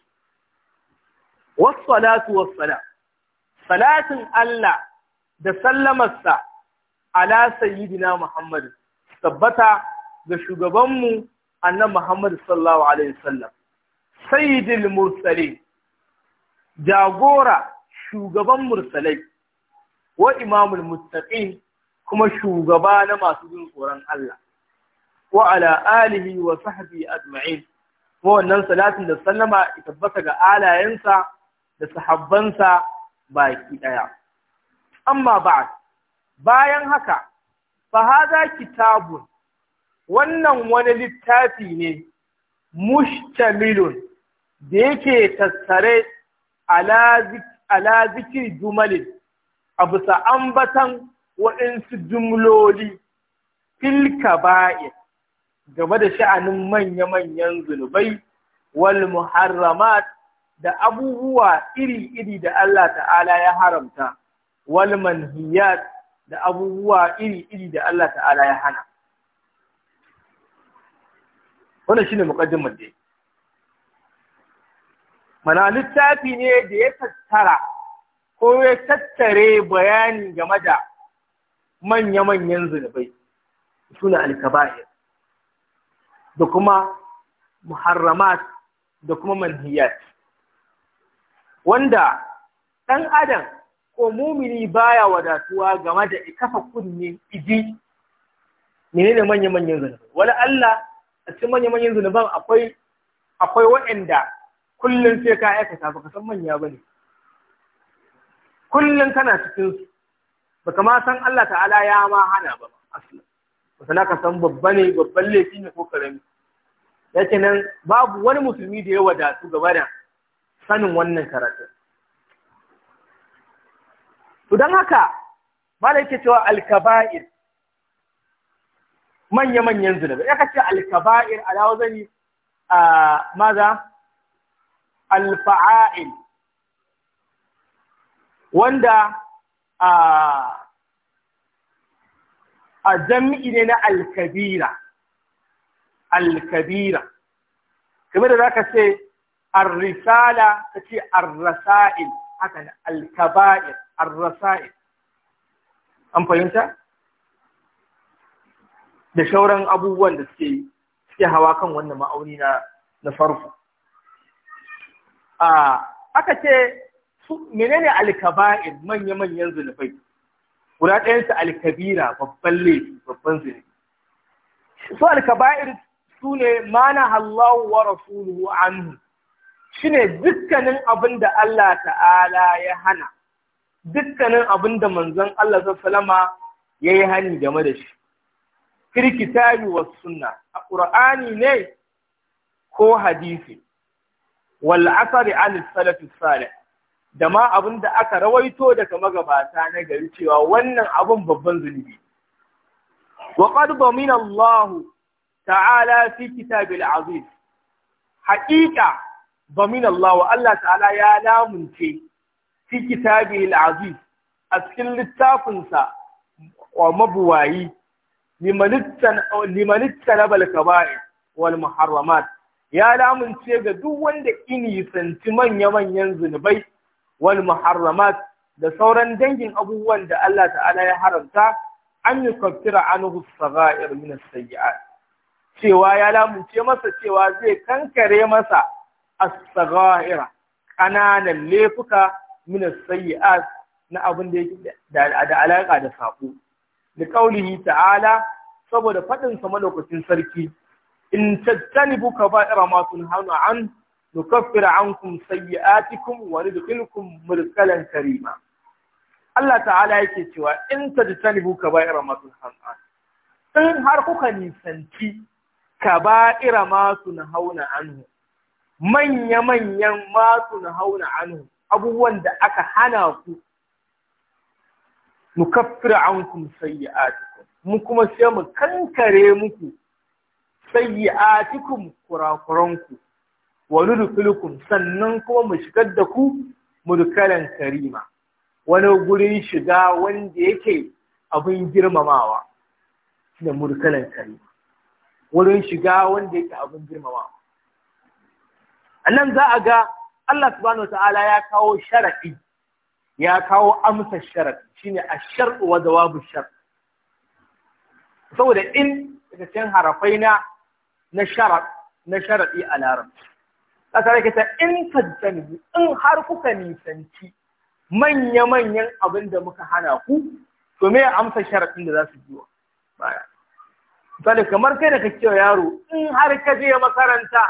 Wasu salatu wasu salatin Allah da sallamarsa ala sayyidina Muhammadu, tabbata ga shugabanmu Ana Muhammadu sallallahu alaihi wasallam sayyidul mursalin jagora shugaban mursalai wa imamul muttaqin kuma shugaba na masu yin tsoron Allah wa ala alihi wa sahbihi ajma'in kuma wannan salatin da sallama tabbata ga alayensa da sahabbansa baki ɗaya. amma ba'd bayan haka fa hadha kitabun wannan wani littafi ne mushtamilun da yake tattare ala zikir jumalin a bisa ambatan waɗansu jumloli filka ba'in game da sha'anin manya-manyan zunubai wal muharramat da abubuwa iri-iri da Allah ta'ala ya haramta wal manhiyat da abubuwa iri-iri da Allah ta'ala ya hana wannan shine muqaddimar dai mana littafi ne da ya tattara ko ya tattare bayani game da manya-manyan zunubai suna alkaba'ir da kuma muharramat da kuma manhiyat wanda 'dan adam ko mumini baya wadatuwa game da ikafa kunne iji menene manya-manyan zunubai wala Allah a cikin manya-manyan zunuban akwai akwai waɗanda kullum sai ka aikata baka san manya ba ne kullum kana cikin su baka ma san Allah ta'ala ya ma hana ba aslan ba ka san babba ne babban laifi ne ko karami yake nan babu wani musulmi da ya wadatu gaba da sanin wannan karatu to don haka da yake cewa alkaba'ir manya-manyan zunubi ya kace alkaba'ir ala wazani a maza alfa'a'il wanda a jam'i ne na alkabira alkabira kamar da zaka ce ar-risala kace ar-rasail haka alkaba'ir ar-rasail an fahimta da shauran abubuwan da suke suke hawa kan wannan ma'auni na na farko a aka ce menene alkaba'ir manya-manyan zulfai guda ɗayansu alkabira babban laifi babban zunubi su alkaba'ir sune mana Allahu wa rasuluhu anhu shine dukkanin abin da Allah ta'ala ya hana dukkanin abinda manzon Allah alaihi ya yayi hani game da shi fil kitabi was sunna a qur'ani ne ko hadisi wal asari an salafi salih da ma abin da aka rawaito daga magabata na gari cewa wannan abin babban zunubi wa qad Allah ta'ala fi kitabil aziz haqiqa damina Allah wa Allah ta'ala ya lamunce fi kitabil aziz a cikin littafinsa wa mabuwayi limanittan abal kaba'i wal muharramat ya lamunce ga duk wanda inisanci manya-manyan zunubai wal muharramat da sauran dangin abubuwan da Allah ta'ala ya haramta an yi kwafira an saga'ir min sayyi'at cewa ya lamunce masa cewa zai kankare masa as-saga'ira ƙananan laifuka min sayyi'at na abin da yake da alaƙa da saƙo. da kaulihi ta'ala saboda faɗin sa malokacin sarki in tattanibu kaba'ira ma tunhanu an an nukaffir ankum sayyi'atikum wa nudkhilkum mudkhalan karima Allah ta'ala yake cewa in tattanibu kaba'ira ma tunhanu an in har kuka nisanci ka kaba'ira ma tunhauna anhu manya-manyan ma tunhauna anhu abubuwan da aka hana ku nukaffiru ankum sayyi'atikum mu kuma sai mu kankare muku sayyi'atikum kurakuranku wani nudkhilukum sannan kuma mu shigar da ku mudkalan karima wani gurin shiga wanda yake abin girmamawa da mudkalan karima wurin shiga wanda yake abin girmamawa annan za a ga Allah subhanahu wa ta'ala ya kawo sharafi. ya kawo amsa sharar shine a shar wa jawabu shar saboda in daga cikin harafai na na sharar na sharadi a larabci kasar yake ta in tajjanibu in har kuka nisanci manya-manyan abin da muka hana ku to me amsa sharaɗin da za su biyo baya misali kamar kai da kake yaro in har ka je makaranta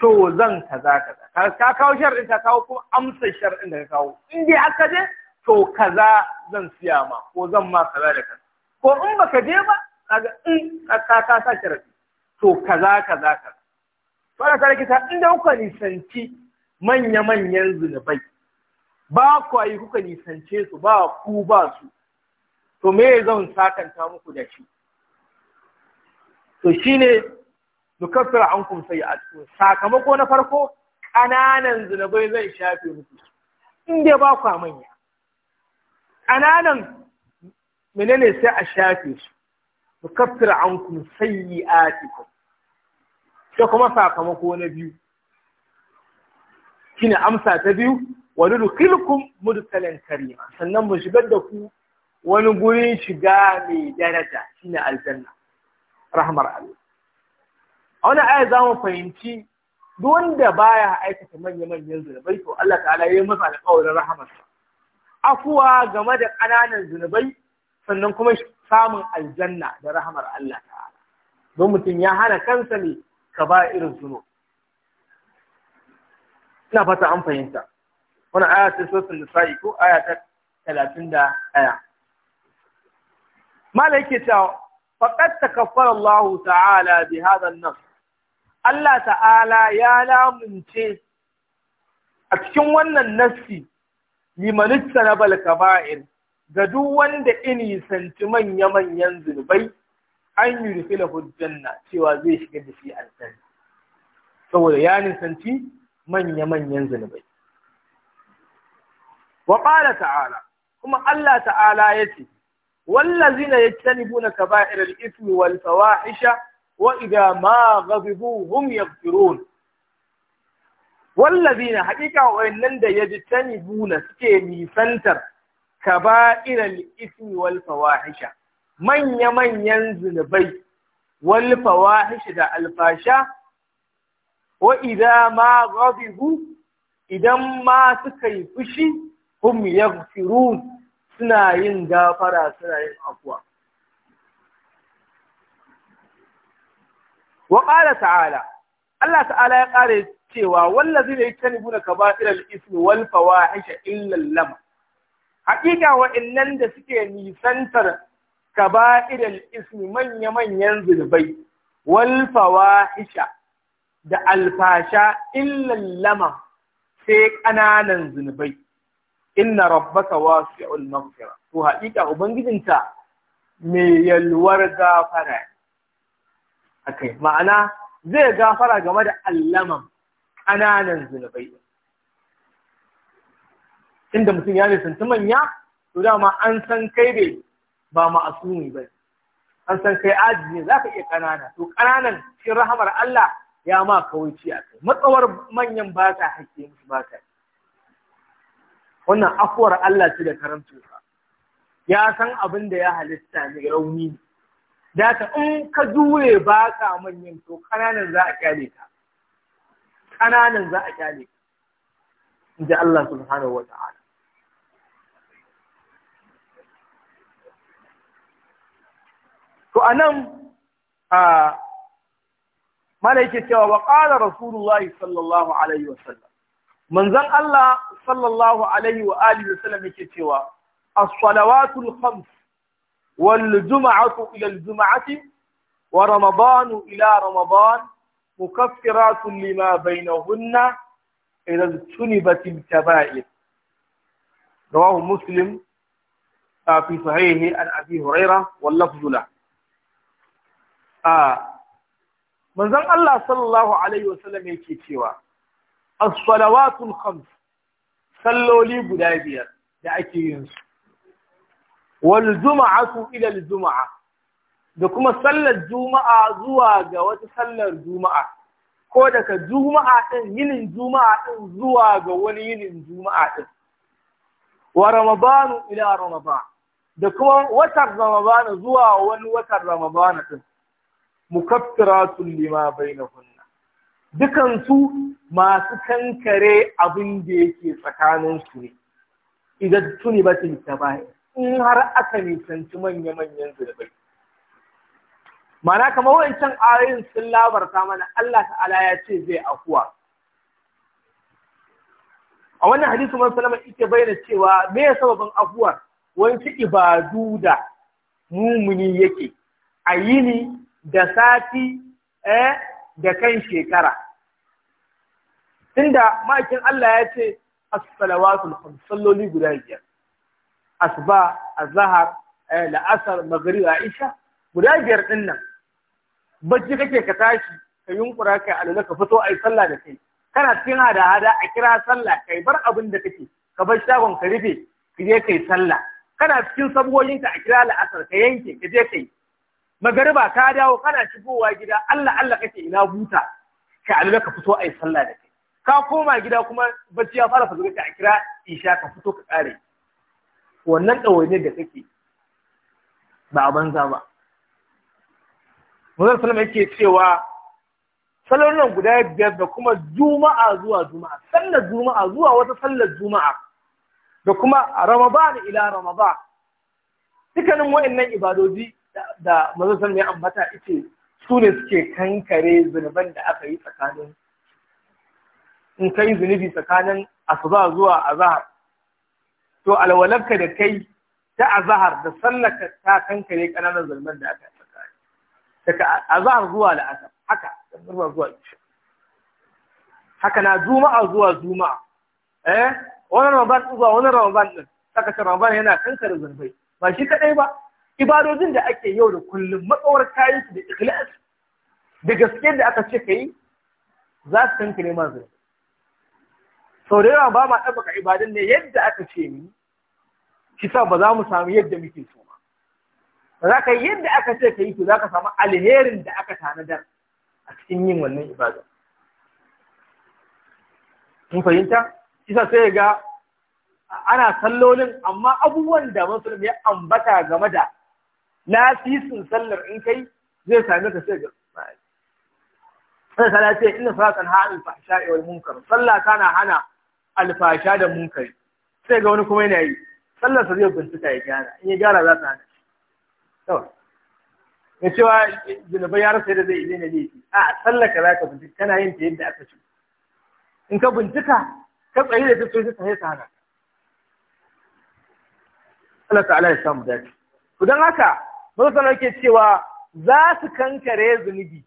to zan kaza kaza ka kawo shar'in ka kawo kuma amsa shar'in da ka kawo in dai aka je to kaza zan siya ma ko zan ma kaza da kaza ko in ka je ba kaga in ka ka sa sharadi to kaza kaza kaza to ana tare kita inda kuka nisanci manya manyan zunubai ba ku yi kuka nisance su ba ku ba su to me zan sakanta muku da shi to shine nukaffir ankum sayi'atukum sakamako na farko ƙananan zunubai zai shafe muku in ba ku manya ƙananan menene sai a shafe su nukaffir ankum sayi'atukum sai kuma sakamako na biyu Kina amsa ta biyu wa nudkhilkum mudkhalan karima sannan mu shigar da ku wani gurin shiga mai daraja shine aljanna rahmar Allah a wani aya za mu fahimci duk wanda baya aikata manya-manyan zunubai to Allah ta'ala ya yi masa alƙawarin rahamarsa afuwa game da ƙananan zunubai sannan kuma samun aljanna da rahamar Allah ta'ala don mutum ya hana kansa ne ka ba irin zuno ina fata an fahimta wani aya ta sosin nisa'i ko aya ta talatin da ɗaya mala yake cewa faqad Allah ta'ala bi hadan nan Allah ta'ala ya lamunce a cikin wannan nassi limanista na balkaba'ir ga duk wanda ini santi manya-manyan zunubai an yi rufe hujjanna cewa zai shiga da shi aljanna saboda ya nisanci manya-manyan zunubai wa ƙara ta'ala kuma Allah ta'ala ya ce wallazina na kaba'ir al-ithmi wal fawahisha وإذا ما غضبوا هم يغفرون والذين حقيقة وإنن دا يجتنبون سكي سنتر كبائر الإثم والفواحشة من يمن ينزل بي والفواحش دا الفاشا وإذا ما غضبوا إذا ما سكي فشي هم يغفرون سنعين دافرة سنعين أفواه wa ta'ala Allah ta'ala ya ƙara cewa wallazi ne yatanibuna kaba'ir al-ismi wal fawahisha illa lam haƙiƙa wa'annan da suke nisantar kaba'ir ismi manya manyan zulbai wal fawahisha da alfasha illan lama sai ƙananan zunubai inna rabbaka wasi'ul maghfira to haƙiƙa ubangijinta mai yalwar gafara akai ma'ana zai gafara game da allaman ƙananan zunubai inda mutum ya nisanci manya to dama an san kai bai ba ma'asumi ba an san kai ne za ka iya ƙanana to ƙananan cikin rahamar Allah ya ma kawai a kai matsawar manyan ba ta haƙƙi musu ba ta wannan afuwar Allah ce da karancinsa ya san abin da ya halitta mai rauni ne da ta in ka jure ba ka manyan to kananan za a kyale ka kananan za a kyale ka in ji Allah subhanahu wa ta'ala to anan a mana yake cewa wa ƙara rasulullahi sallallahu alaihi wa sallam manzon Allah sallallahu alaihi wa alihi wa sallam yake cewa as-salawatul khams والجمعة إلى الجمعة ورمضان إلى رمضان مكفرات لما بينهن إذا اجتنبت الكبائر رواه مسلم في صحيحه عن أبي هريرة واللفظ له من ذن الله صلى الله عليه وسلم يكتوى الصلوات الخمس صلوا لي بدايبيا لأكي ينسو wal juma'atu ila al juma'a da kuma sallar juma'a zuwa ga wata sallar juma'a ko daga juma'a din yinin juma'a din zuwa ga wani yinin juma'a din wa ramadanu ila ramadan da kuma watan ramadana zuwa wani watan ramadana din mukaffiratun lima bainahunna dukan su masu kankare abin da yake tsakanin su ne idan tuni batil tabai in har aka nisanci manya-manyan zunubai mana kamar wancan ayoyin sun labarta mana Allah ta'ala ya ce zai afuwa a wannan hadisi man salama ike bayyana cewa me ya sababin wani wanci ibadu da mumuni yake a yini da sati eh da kan shekara tunda makin Allah ya ce as-salawatul guda biyar Asba, azhar eh, la'asar maghrib aisha guda biyar din nan bacci kake ka tashi ka yunkura kai alula ka fito ai sallah da kai kana cikin hada hada a kira sallah kai bar abin da kake ka bar shagon ka rufe ka je kai sallah kana cikin sabuwoyin a kira la'asar ka yanke ka je kai magariba ka dawo kana shigowa gida Allah Allah kake ina buta ka alula ka fito ai sallah da kai ka koma gida kuma bacci ya fara fazuka a kira isha ka fito ka kare wannan ɗawainiyar da kake ba a banza ba Muhammad salama yake cewa salon nan guda biyar da kuma juma'a zuwa juma'a sallar juma'a zuwa wata sallar juma'a da kuma da ila ramadan dukkanin wayannan ibadoji da manzon salama ya ambata ita su ne suke kankare zunuban da aka yi tsakanin in kai zunubi tsakanin asuba zuwa azahar to alwalarka da kai ta azahar da sallaka ta kankare ƙananan zulman da aka saka daga azahar zuwa la'asar haka zuwa zuwa isha haka na juma'a zuwa juma'a eh wani ramadan zuwa wani ramadan din saka ta ramadan yana kankare zulmai ba shi kadai ba ibadojin da ake yau da kullum matsawar kayan su da ikhlas da gaske da aka ce kai za su kankare ma zulmai sau da yawa ba ma ɗabbaka ibadun ne yadda aka ce mu shi sa ba za mu samu yadda muke so ba za ka yi yadda aka ce ka yi to za ka samu alherin da aka tanadar a cikin yin wannan ibada kun fahimta shi sa sai ga ana sallolin amma abubuwan da musulmi ya ambata game da lasisin sallar in kai zai sami ka sai ga sai kana ce inna salatan ha'il fahsha'i wal munkar sallah tana hana alfasha da munkari sai ga wani kuma yana yi sallarsa zai bincika ya gyara in ya gyara za ta hana to ne cewa zunubai ya rasa yadda zai yi na laifi a ka za ka bincika kana yin ta yadda aka ce in ka bincika ka tsaye da tafiye ta haisa hana Allah ta'ala ya samu dace to don haka mazan ke cewa za su kankare zunubi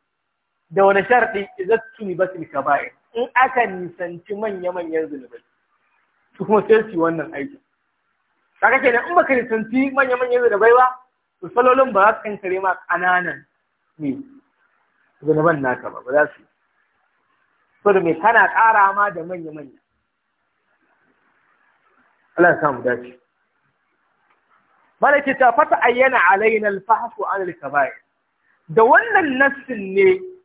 da wani sharɗi idan tuni ba su kaba'ir in aka nisanci manya-manyan zunubai su kuma sai su yi wannan aikin kaga kenan in baka nisanci manya-manyan zunubai ba to salolin ba za su kankare ma ƙananan ne zunuban naka ba ba za su yi so da mai kana ƙara ma da manya-manya Allah ya samu dace malaki ta fata ayyana alaina alfahasu an alkabair da wannan nassin ne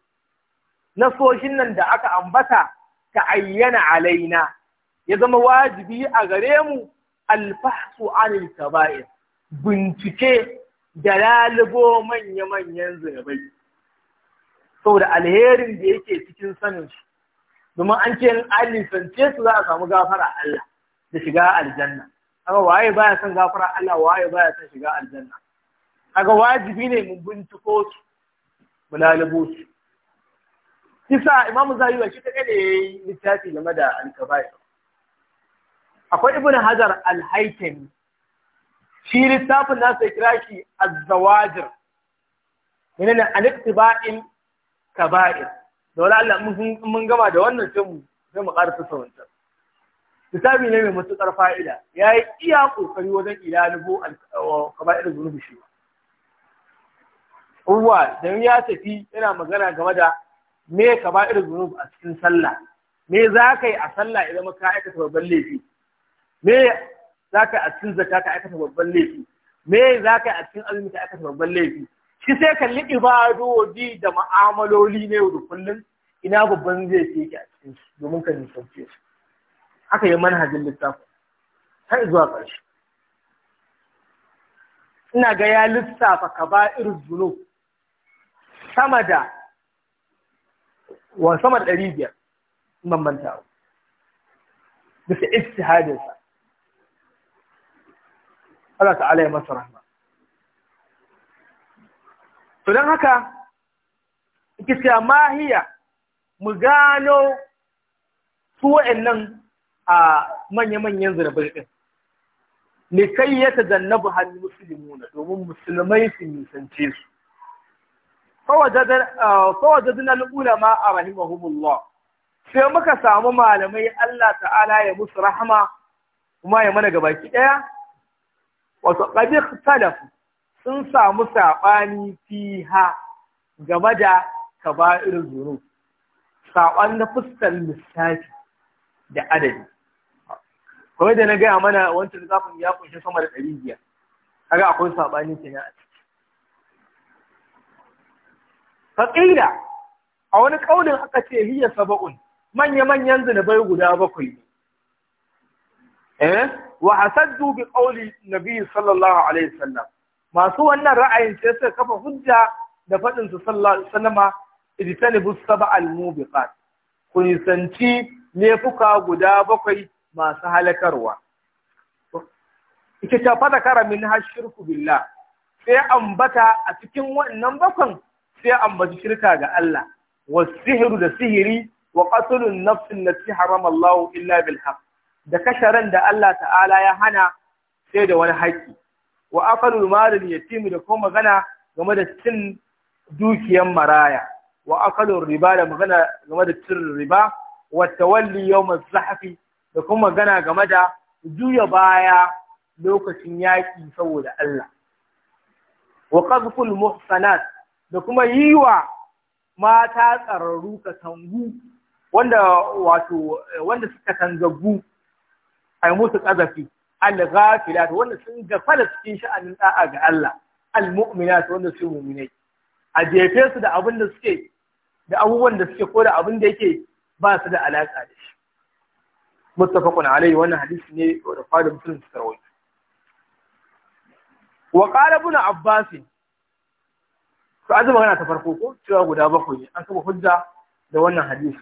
nasoshin nan da aka ambata ta ayyana alaina ya zama wajibi a gare mu alfahsu anil kaba'ir bincike da lalubo manya-manyan zunubai saboda alherin da yake cikin sanin shi domin an ce alifin nisance su za a samu gafara Allah da shiga aljanna haka waye baya son gafara Allah waye baya son shiga aljanna haka wajibi ne mu binciko su mu lalubo su Kisa Imam Zahabi shi ta ne ya yi littafi game da al-kaba'ir. Akwai Ibn Hajar al Shi littafin nasa ya kira shi az-zawajir. Yana ne al-iktiba'il kaba'ir. Da wani Allah mun gama da wannan sai mu sai mu ƙarfi ta Littafi ne mai matuƙar fa'ida. Ya yi iya ƙoƙari wajen ilalubo al-kaba'ir uh, zunubi shi. Uwa, don ya tafi yana magana game da me ka ba irin zunub a cikin sallah me za ka yi a sallah idan ka aikata babban laifi me za ka yi a cikin zakka ka aikata babban laifi me za ka yi a cikin azumi ka aikata babban laifi shi sai kalli doji da ma'amaloli ne da kullum ina babban zai ce ki a cikin domin ka nisance su haka yi manhajin littafin har zuwa ƙarshe ina ga ya lissafa ka ba irin zunub sama da wani sama da ɗari biyar mamanta wa bisa istihadinsa Allah ta'ala ya masa rahma to don haka kiska mahiya mu gano su wa'annan a manya-manyan zirabir ɗin ne kai ya ta zannabu hannun musulmi domin musulmai su nisance su a al a rahimahumullah sai muka samu malamai Allah ta'ala ya musu rahama kuma ya mana gabaki ɗaya. Wasu qad salaf sun samu saɓani fiha game da kaba'ir zuru saɓan na fuskar lissafi da adadi kamar da na gaya mana wancan zafin ya kunshi sama da ɗari biyar kaga akwai saɓani kenan a ciki faƙila a wani ƙaunin aka ce hiya saba'un manya-manyan zunubai guda bakwai eh wa hasaddu bi qawli nabi sallallahu alaihi wasallam masu wannan ra'ayin sai suka kafa hujja da faɗin su sallallahu alaihi wasallama ijtanibu sab'al mubiqat ku nisanci fuka guda bakwai masu halakarwa ita ta da kara min hashirku billah sai ambata a cikin wannan bakon sai ambaci shirka ga Allah wa da sihiri wa qatlun nafsin lati harama illa bil haqq da kasharan da Allah ta'ala ya hana sai da wani haƙƙi wa aqalul malil yatim da kuma magana game da cin dukiyan maraya wa aqalur riba da magana game da cin riba wa tawalli yawm az-zahfi da kuma magana game da juya baya lokacin yaƙi saboda Allah wa ƙasful muhsanat da kuma yi wa mata tsararru katangu wanda wato wanda suka a ai musu kazafi al-ghafilat wanda sun gafala cikin sha'anin da'a ga Allah al-mu'minat wanda su mu'minai a jefe su da abin da suke da abubuwan da suke ko da abin da yake ba su da alaƙa da shi muttafaqun alayhi wannan hadisi ne da fadin musulun sarwayi wa qala ibn abbas to an gana ta farko ko cewa guda bakwai ne an saba hujja da wannan hadisi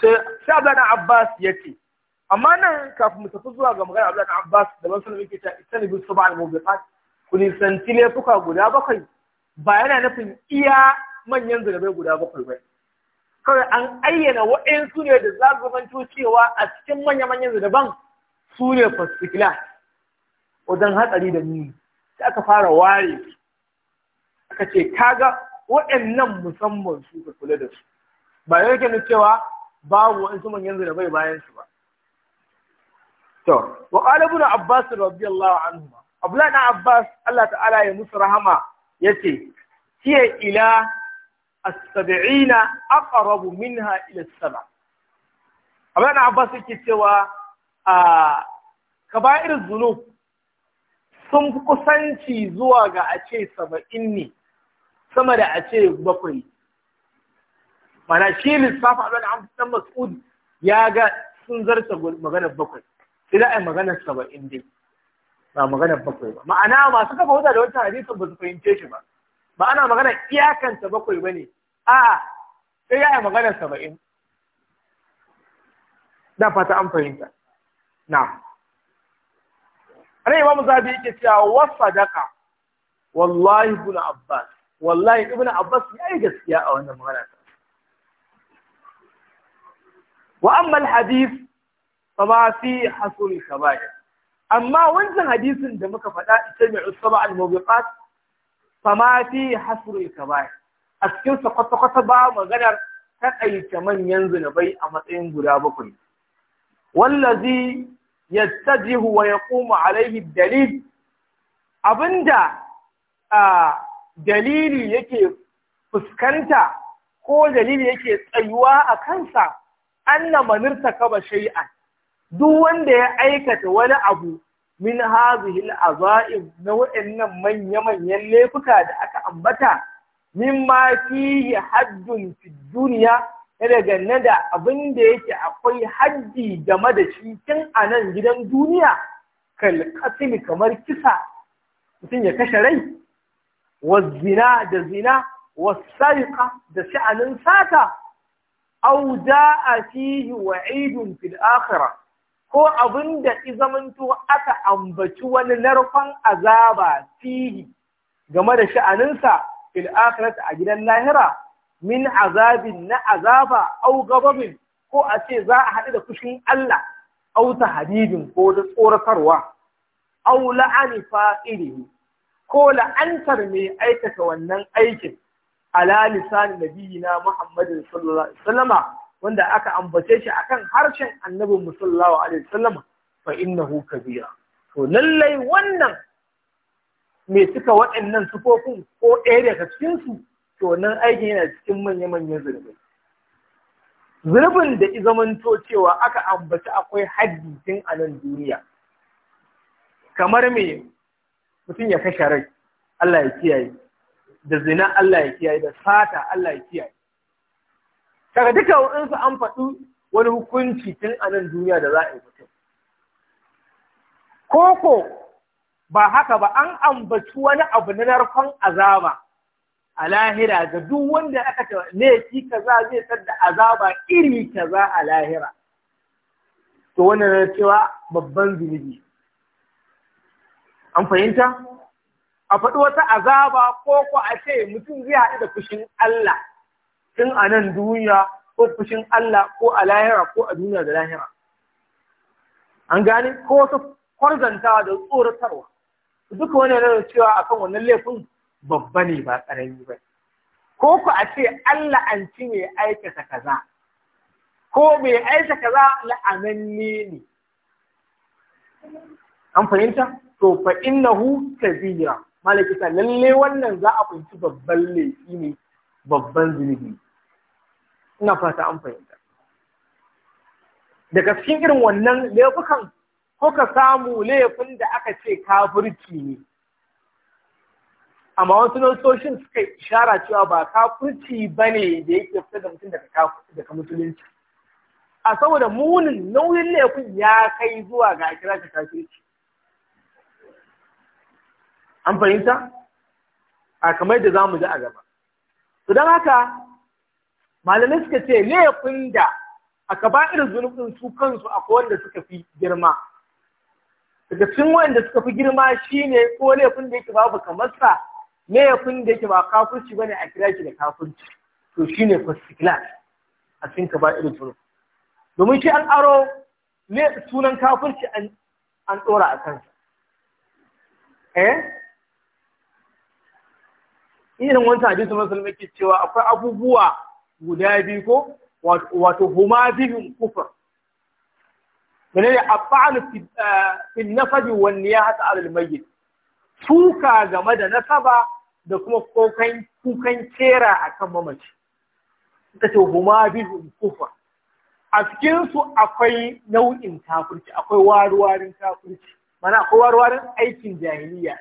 sai sai Abdullahi Abbas yake amma nan kafin mu tafi zuwa ga magana Abdullahi Abbas da ban sanin yake ta isani bi sab'a al-mubiqat ku nisanci laifuka guda bakwai ba yana nufin iya manyan zunubai guda bakwai ba kawai an ayyana waɗansu ne da za su zamanto cewa a cikin manya-manyan zunuban su ne fasikila wajen hatsari da nuni sai aka fara ware aka ce kaga waɗannan musamman su ka kula da su ba yau ke cewa babu wani yanzu da bai bayan su ba to wa qala ibn abbas radiyallahu anhu abdullahi abbas Allah ta'ala ya musu rahama yace hiya ila as-sab'ina aqrabu minha ila as-sab'a abdullahi abbas yake cewa a kaba'ir zunub sun fi kusanci zuwa ga a ce saba'in ne sama da a ce bakwai mana shi lissafa abin amsa san mas'ud ya ga sun zarta maganar bakwai idan a maganar saba'in dai ba maganar bakwai ba ma'ana masu kafa wuta da wata hadisin ba su fahimce shi ba ba ana maganar iyakanta bakwai ba ne a'a sai ya yi maganar saba'in da fata an fahimta na ana imam zabi yake cewa daka wallahi kuna abbas wallahi ibn abbas ya yi gaskiya a wannan magana wa amma alhadith fa ma fi hasul kaba'ir amma wancan hadisin da muka faɗa ita mai usaba al-mubiqat fa ma fi hasul kaba'ir a cikin sa kwata-kwata ba maganar taƙaice manyan zunubai a matsayin guda bakwai wallazi yattajihu wa yaqumu alaihi dalil abinda a dalili yake fuskanta ko dalili yake tsayuwa a kansa an na manirta kaba shay'an duk wanda ya aikata wani abu min hazihi al'azaim na wa'annan manya-manyan laifuka da aka ambata min ma fihi haddun fi duniya daga nan da abin da yake akwai haddi game da shi tun a nan gidan duniya kal kamar kisa mutum ya kashe rai والزنا da zina, والسرقة da sha'anin sata أو جاء فيه وعيد في الآخرة ko abin da izamanto aka ambaci wani narfan azaba fihi game da sha'aninsa fil a gidan lahira min azabin na azaba au gababin ko a ce za a haɗu da fushin Allah au tahadidin ko da tsoratarwa au la'ani fa'ilihi ko la'antar mai aikata wannan aikin ala lisanin nabiyina Muhammadin sallallahu alaihi wasallama wanda aka ambace shi akan harshen annabi mu sallallahu alaihi wasallama fa innahu kabira to lallai wannan me cika waɗannan sufofin ko ɗaya daga cikin su to nan aikin yana cikin manya-manyan zunubai zurbin da izamanto cewa aka ambaci akwai haddi tun a nan duniya kamar me mutum ya kashe rai Allah ya kiyaye da zina Allah ya kiyaye da sata Allah ya kiyaye kaga duka in su an faɗi wani hukunci tun a nan duniya da za a yi mutum koko ba haka ba an ambaci wani abu na narkon azaba a lahira ga duk wanda aka ta laifi kaza zai sadda azaba iri kaza a lahira to wannan cewa babban zunubi an fahimta a faɗi wata azaba ko ko a ce mutum zai haɗu da fushin Allah tun a nan duniya ko fushin Allah ko a lahira ko a duniya da lahira an gane ko wata kwarzantawa da tsoratarwa duka wani yana cewa akan wannan laifin babba ne ba ƙarami ba ko ku a ce Allah an ci mai aikata kaza ko mai aikata kaza la'ananne ne an fahimta to fa innahu kabira malaki ta lalle wannan za a fahimci babban laifi ne babban zunubi ina fata an fahimta daga cikin irin wannan laifukan ko ka samu laifin da aka ce kafirci ne amma wasu nasoshin suka yi ishara cewa ba kafirci ba ne da yake fita da mutum daga musulunci a saboda munin nauyin laifin ya kai zuwa ga kira ka kafirci an fahimta a kamar da za mu ji a gaba Su don haka malamai suka ce laifin da a ba'ir zunubin su kansu a wanda suka fi girma daga cin wanda suka fi girma shine ko laifin da yake babu kamar sa laifin da yake ba ba ne a kira shi da kafurci. to shine ne class a cikin ba'ir zunub domin shi an aro sunan kafurci an ɗora a kansa eh irin wancan hadisin musulmi ke cewa akwai abubuwa guda biyu ko wato huma bihim kufr menene afa'alu eh, fi nasabi wan niyahati ala al-mayyit tuka game da nasaba da kuma kokan kukan kera akan mamaci ce huma bihim kufr a cikin su akwai nau'in kafirci akwai waruwarin kafirci mana akwai waruwarin aikin jahiliya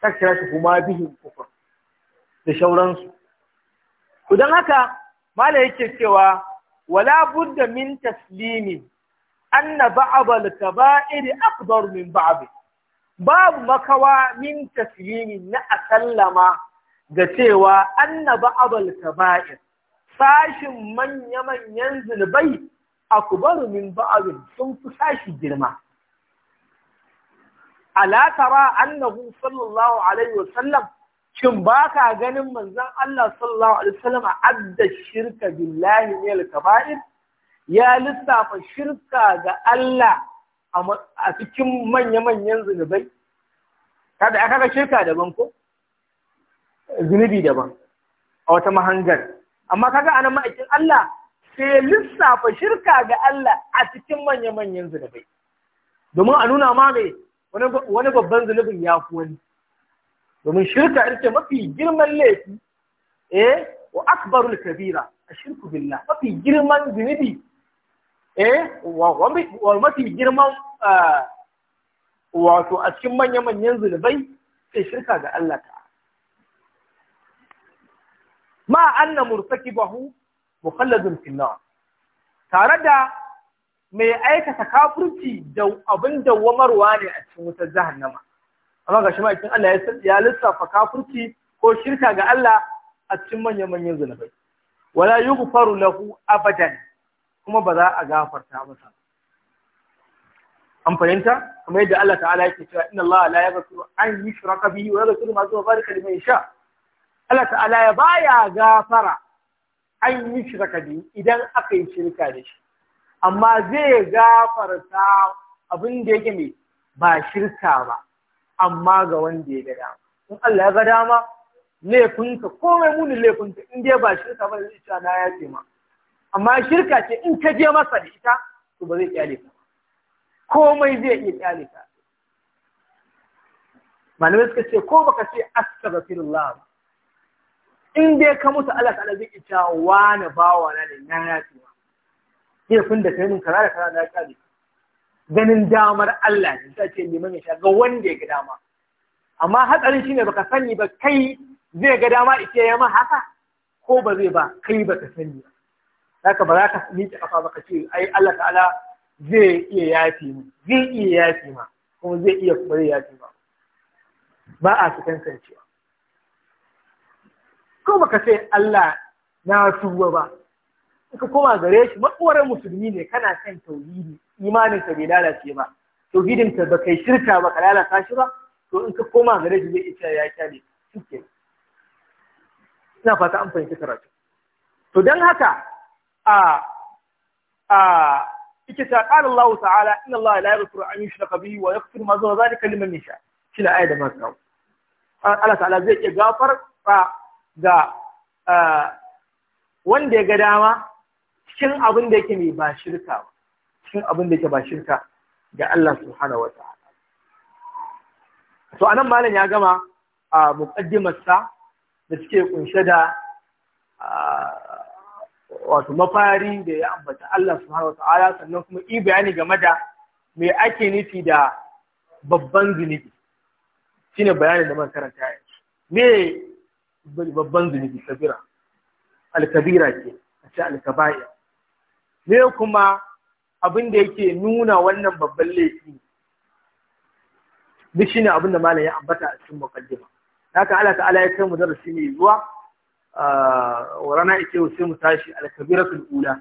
sakira su huma bihim kufr da shauransu Kudan don haka mala yake cewa wala budda min taslimi anna ba'd al-kaba'ir akbar min ba'd babu makawa min taslimi na sallama, ga cewa anna ba'd al-kaba'ir sashin manya-manyan zunubai akbar min ba'd sun fi sashi girma ala tara annahu sallallahu alaihi sallam. shin ba ka ganin manzan Allah sallallahu alaihi wasallam adda shirka billahi ne al-kaba'ir ya lissafa shirka ga Allah a cikin manya-manyan zunubai kada aka ga shirka daban ko zunubi daban a wata mahangar amma kaga ana ma'aikin Allah sai ya lissafa shirka ga Allah a cikin manya-manyan zunubai domin a nuna ma mai wani babban zunubin ya fi wani domin shirka ita ce mafi girman laifi eh wa akbarul kabira ashirku billah mafi girman zunubi eh wa mafi girman wato a cikin manya-manyan zunubai sai shirka ga Allah ta ma anna murtakibahu mukhalladun fil nar tare da mai aikata kafirci da abin wamarwa ne a cikin wutar jahannama amma ga shi ma'aikin Allah ya lissafa kafirci ko shirka ga Allah a cikin manyan manyan zunubai wala yughfaru lahu abadan kuma ba za a gafarta masa an fahimta kuma yadda Allah ta'ala yake cewa inna Allah la yaghfiru an yushraka bihi wa yaghfiru ma duna zalika liman yasha Allah ta'ala ya baya gafara an yushraka bihi idan aka yi shirka da shi amma zai gafarta abin da yake mai ba shirka ba amma ga wanda ya ga dama in Allah ya ga dama laifinka komai munin laifinka in dai ba shirka ba zai cewa na ce ma amma shirka ce in ka je masa da ita to ba zai kyale ka komai zai iya kyale ka malamai suka ce ko baka ce ba. in dai ka mutu Allah ta'ala zai iya cewa wani bawa na ne na ce ma laifin da kai mun kaza da kaza na kyale ganin damar Allah ne ta ce neman ya sha wanda ya ga dama amma hatsarin shine baka sani ba kai zai ga dama ike ya ma haka ko ba zai ba kai baka sani ba haka ba za ka miƙe kafa ba ka ce ai Allah ta'ala zai iya yafi mu zai iya yafi ma kuma zai iya kuma zai yafi ma ba a su kankancewa ko ba ka ce Allah na tuba ba ka koma gare shi matsuwar musulmi ne kana kan tauhidi imaninka bai lalace ba tauhidinka ba kai shirka ba ka lalata shi ba to in ka koma gare shi zai iya ya kyale shike ina fata an fahimci karatu to dan haka a a yake ta qala Allah ta'ala inna Allah la yaghfiru an yushraka bihi wa yaghfiru ma duna zalika liman yasha shi da ayat da maka Allah ta'ala zai iya gafar ga wanda ya ga dama cikin abin da yake mai ba shirka ba cikin abin da ke ba shirka ga Allah subhanahu wa ta'ala to anan malam ya gama a muqaddimarsa da suke kunshe da wato mafari da ya ambata Allah subhanahu wa ta'ala sannan kuma yi bayani game da me ake nufi da babban zunubi shine bayanin da man karanta ce me babban zunubi kabira alkabira ke a ce alkaba'ir me kuma abin da yake nuna wannan babban laifi duk shine abin da malam ya ambata a cikin muqaddima haka Allah ta'ala ya kai mu darasi ne zuwa wa ah, rana yake sai mu tashi al-kabiratul ula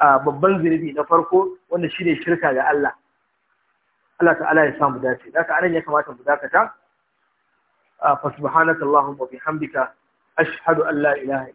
ah, babban zunubi na farko wanda shine shirka ga Allah Allah ta'ala ya samu dace haka anan ya kamata mu dakata ah, fa subhanakallahumma wa bihamdika ashhadu an la ilaha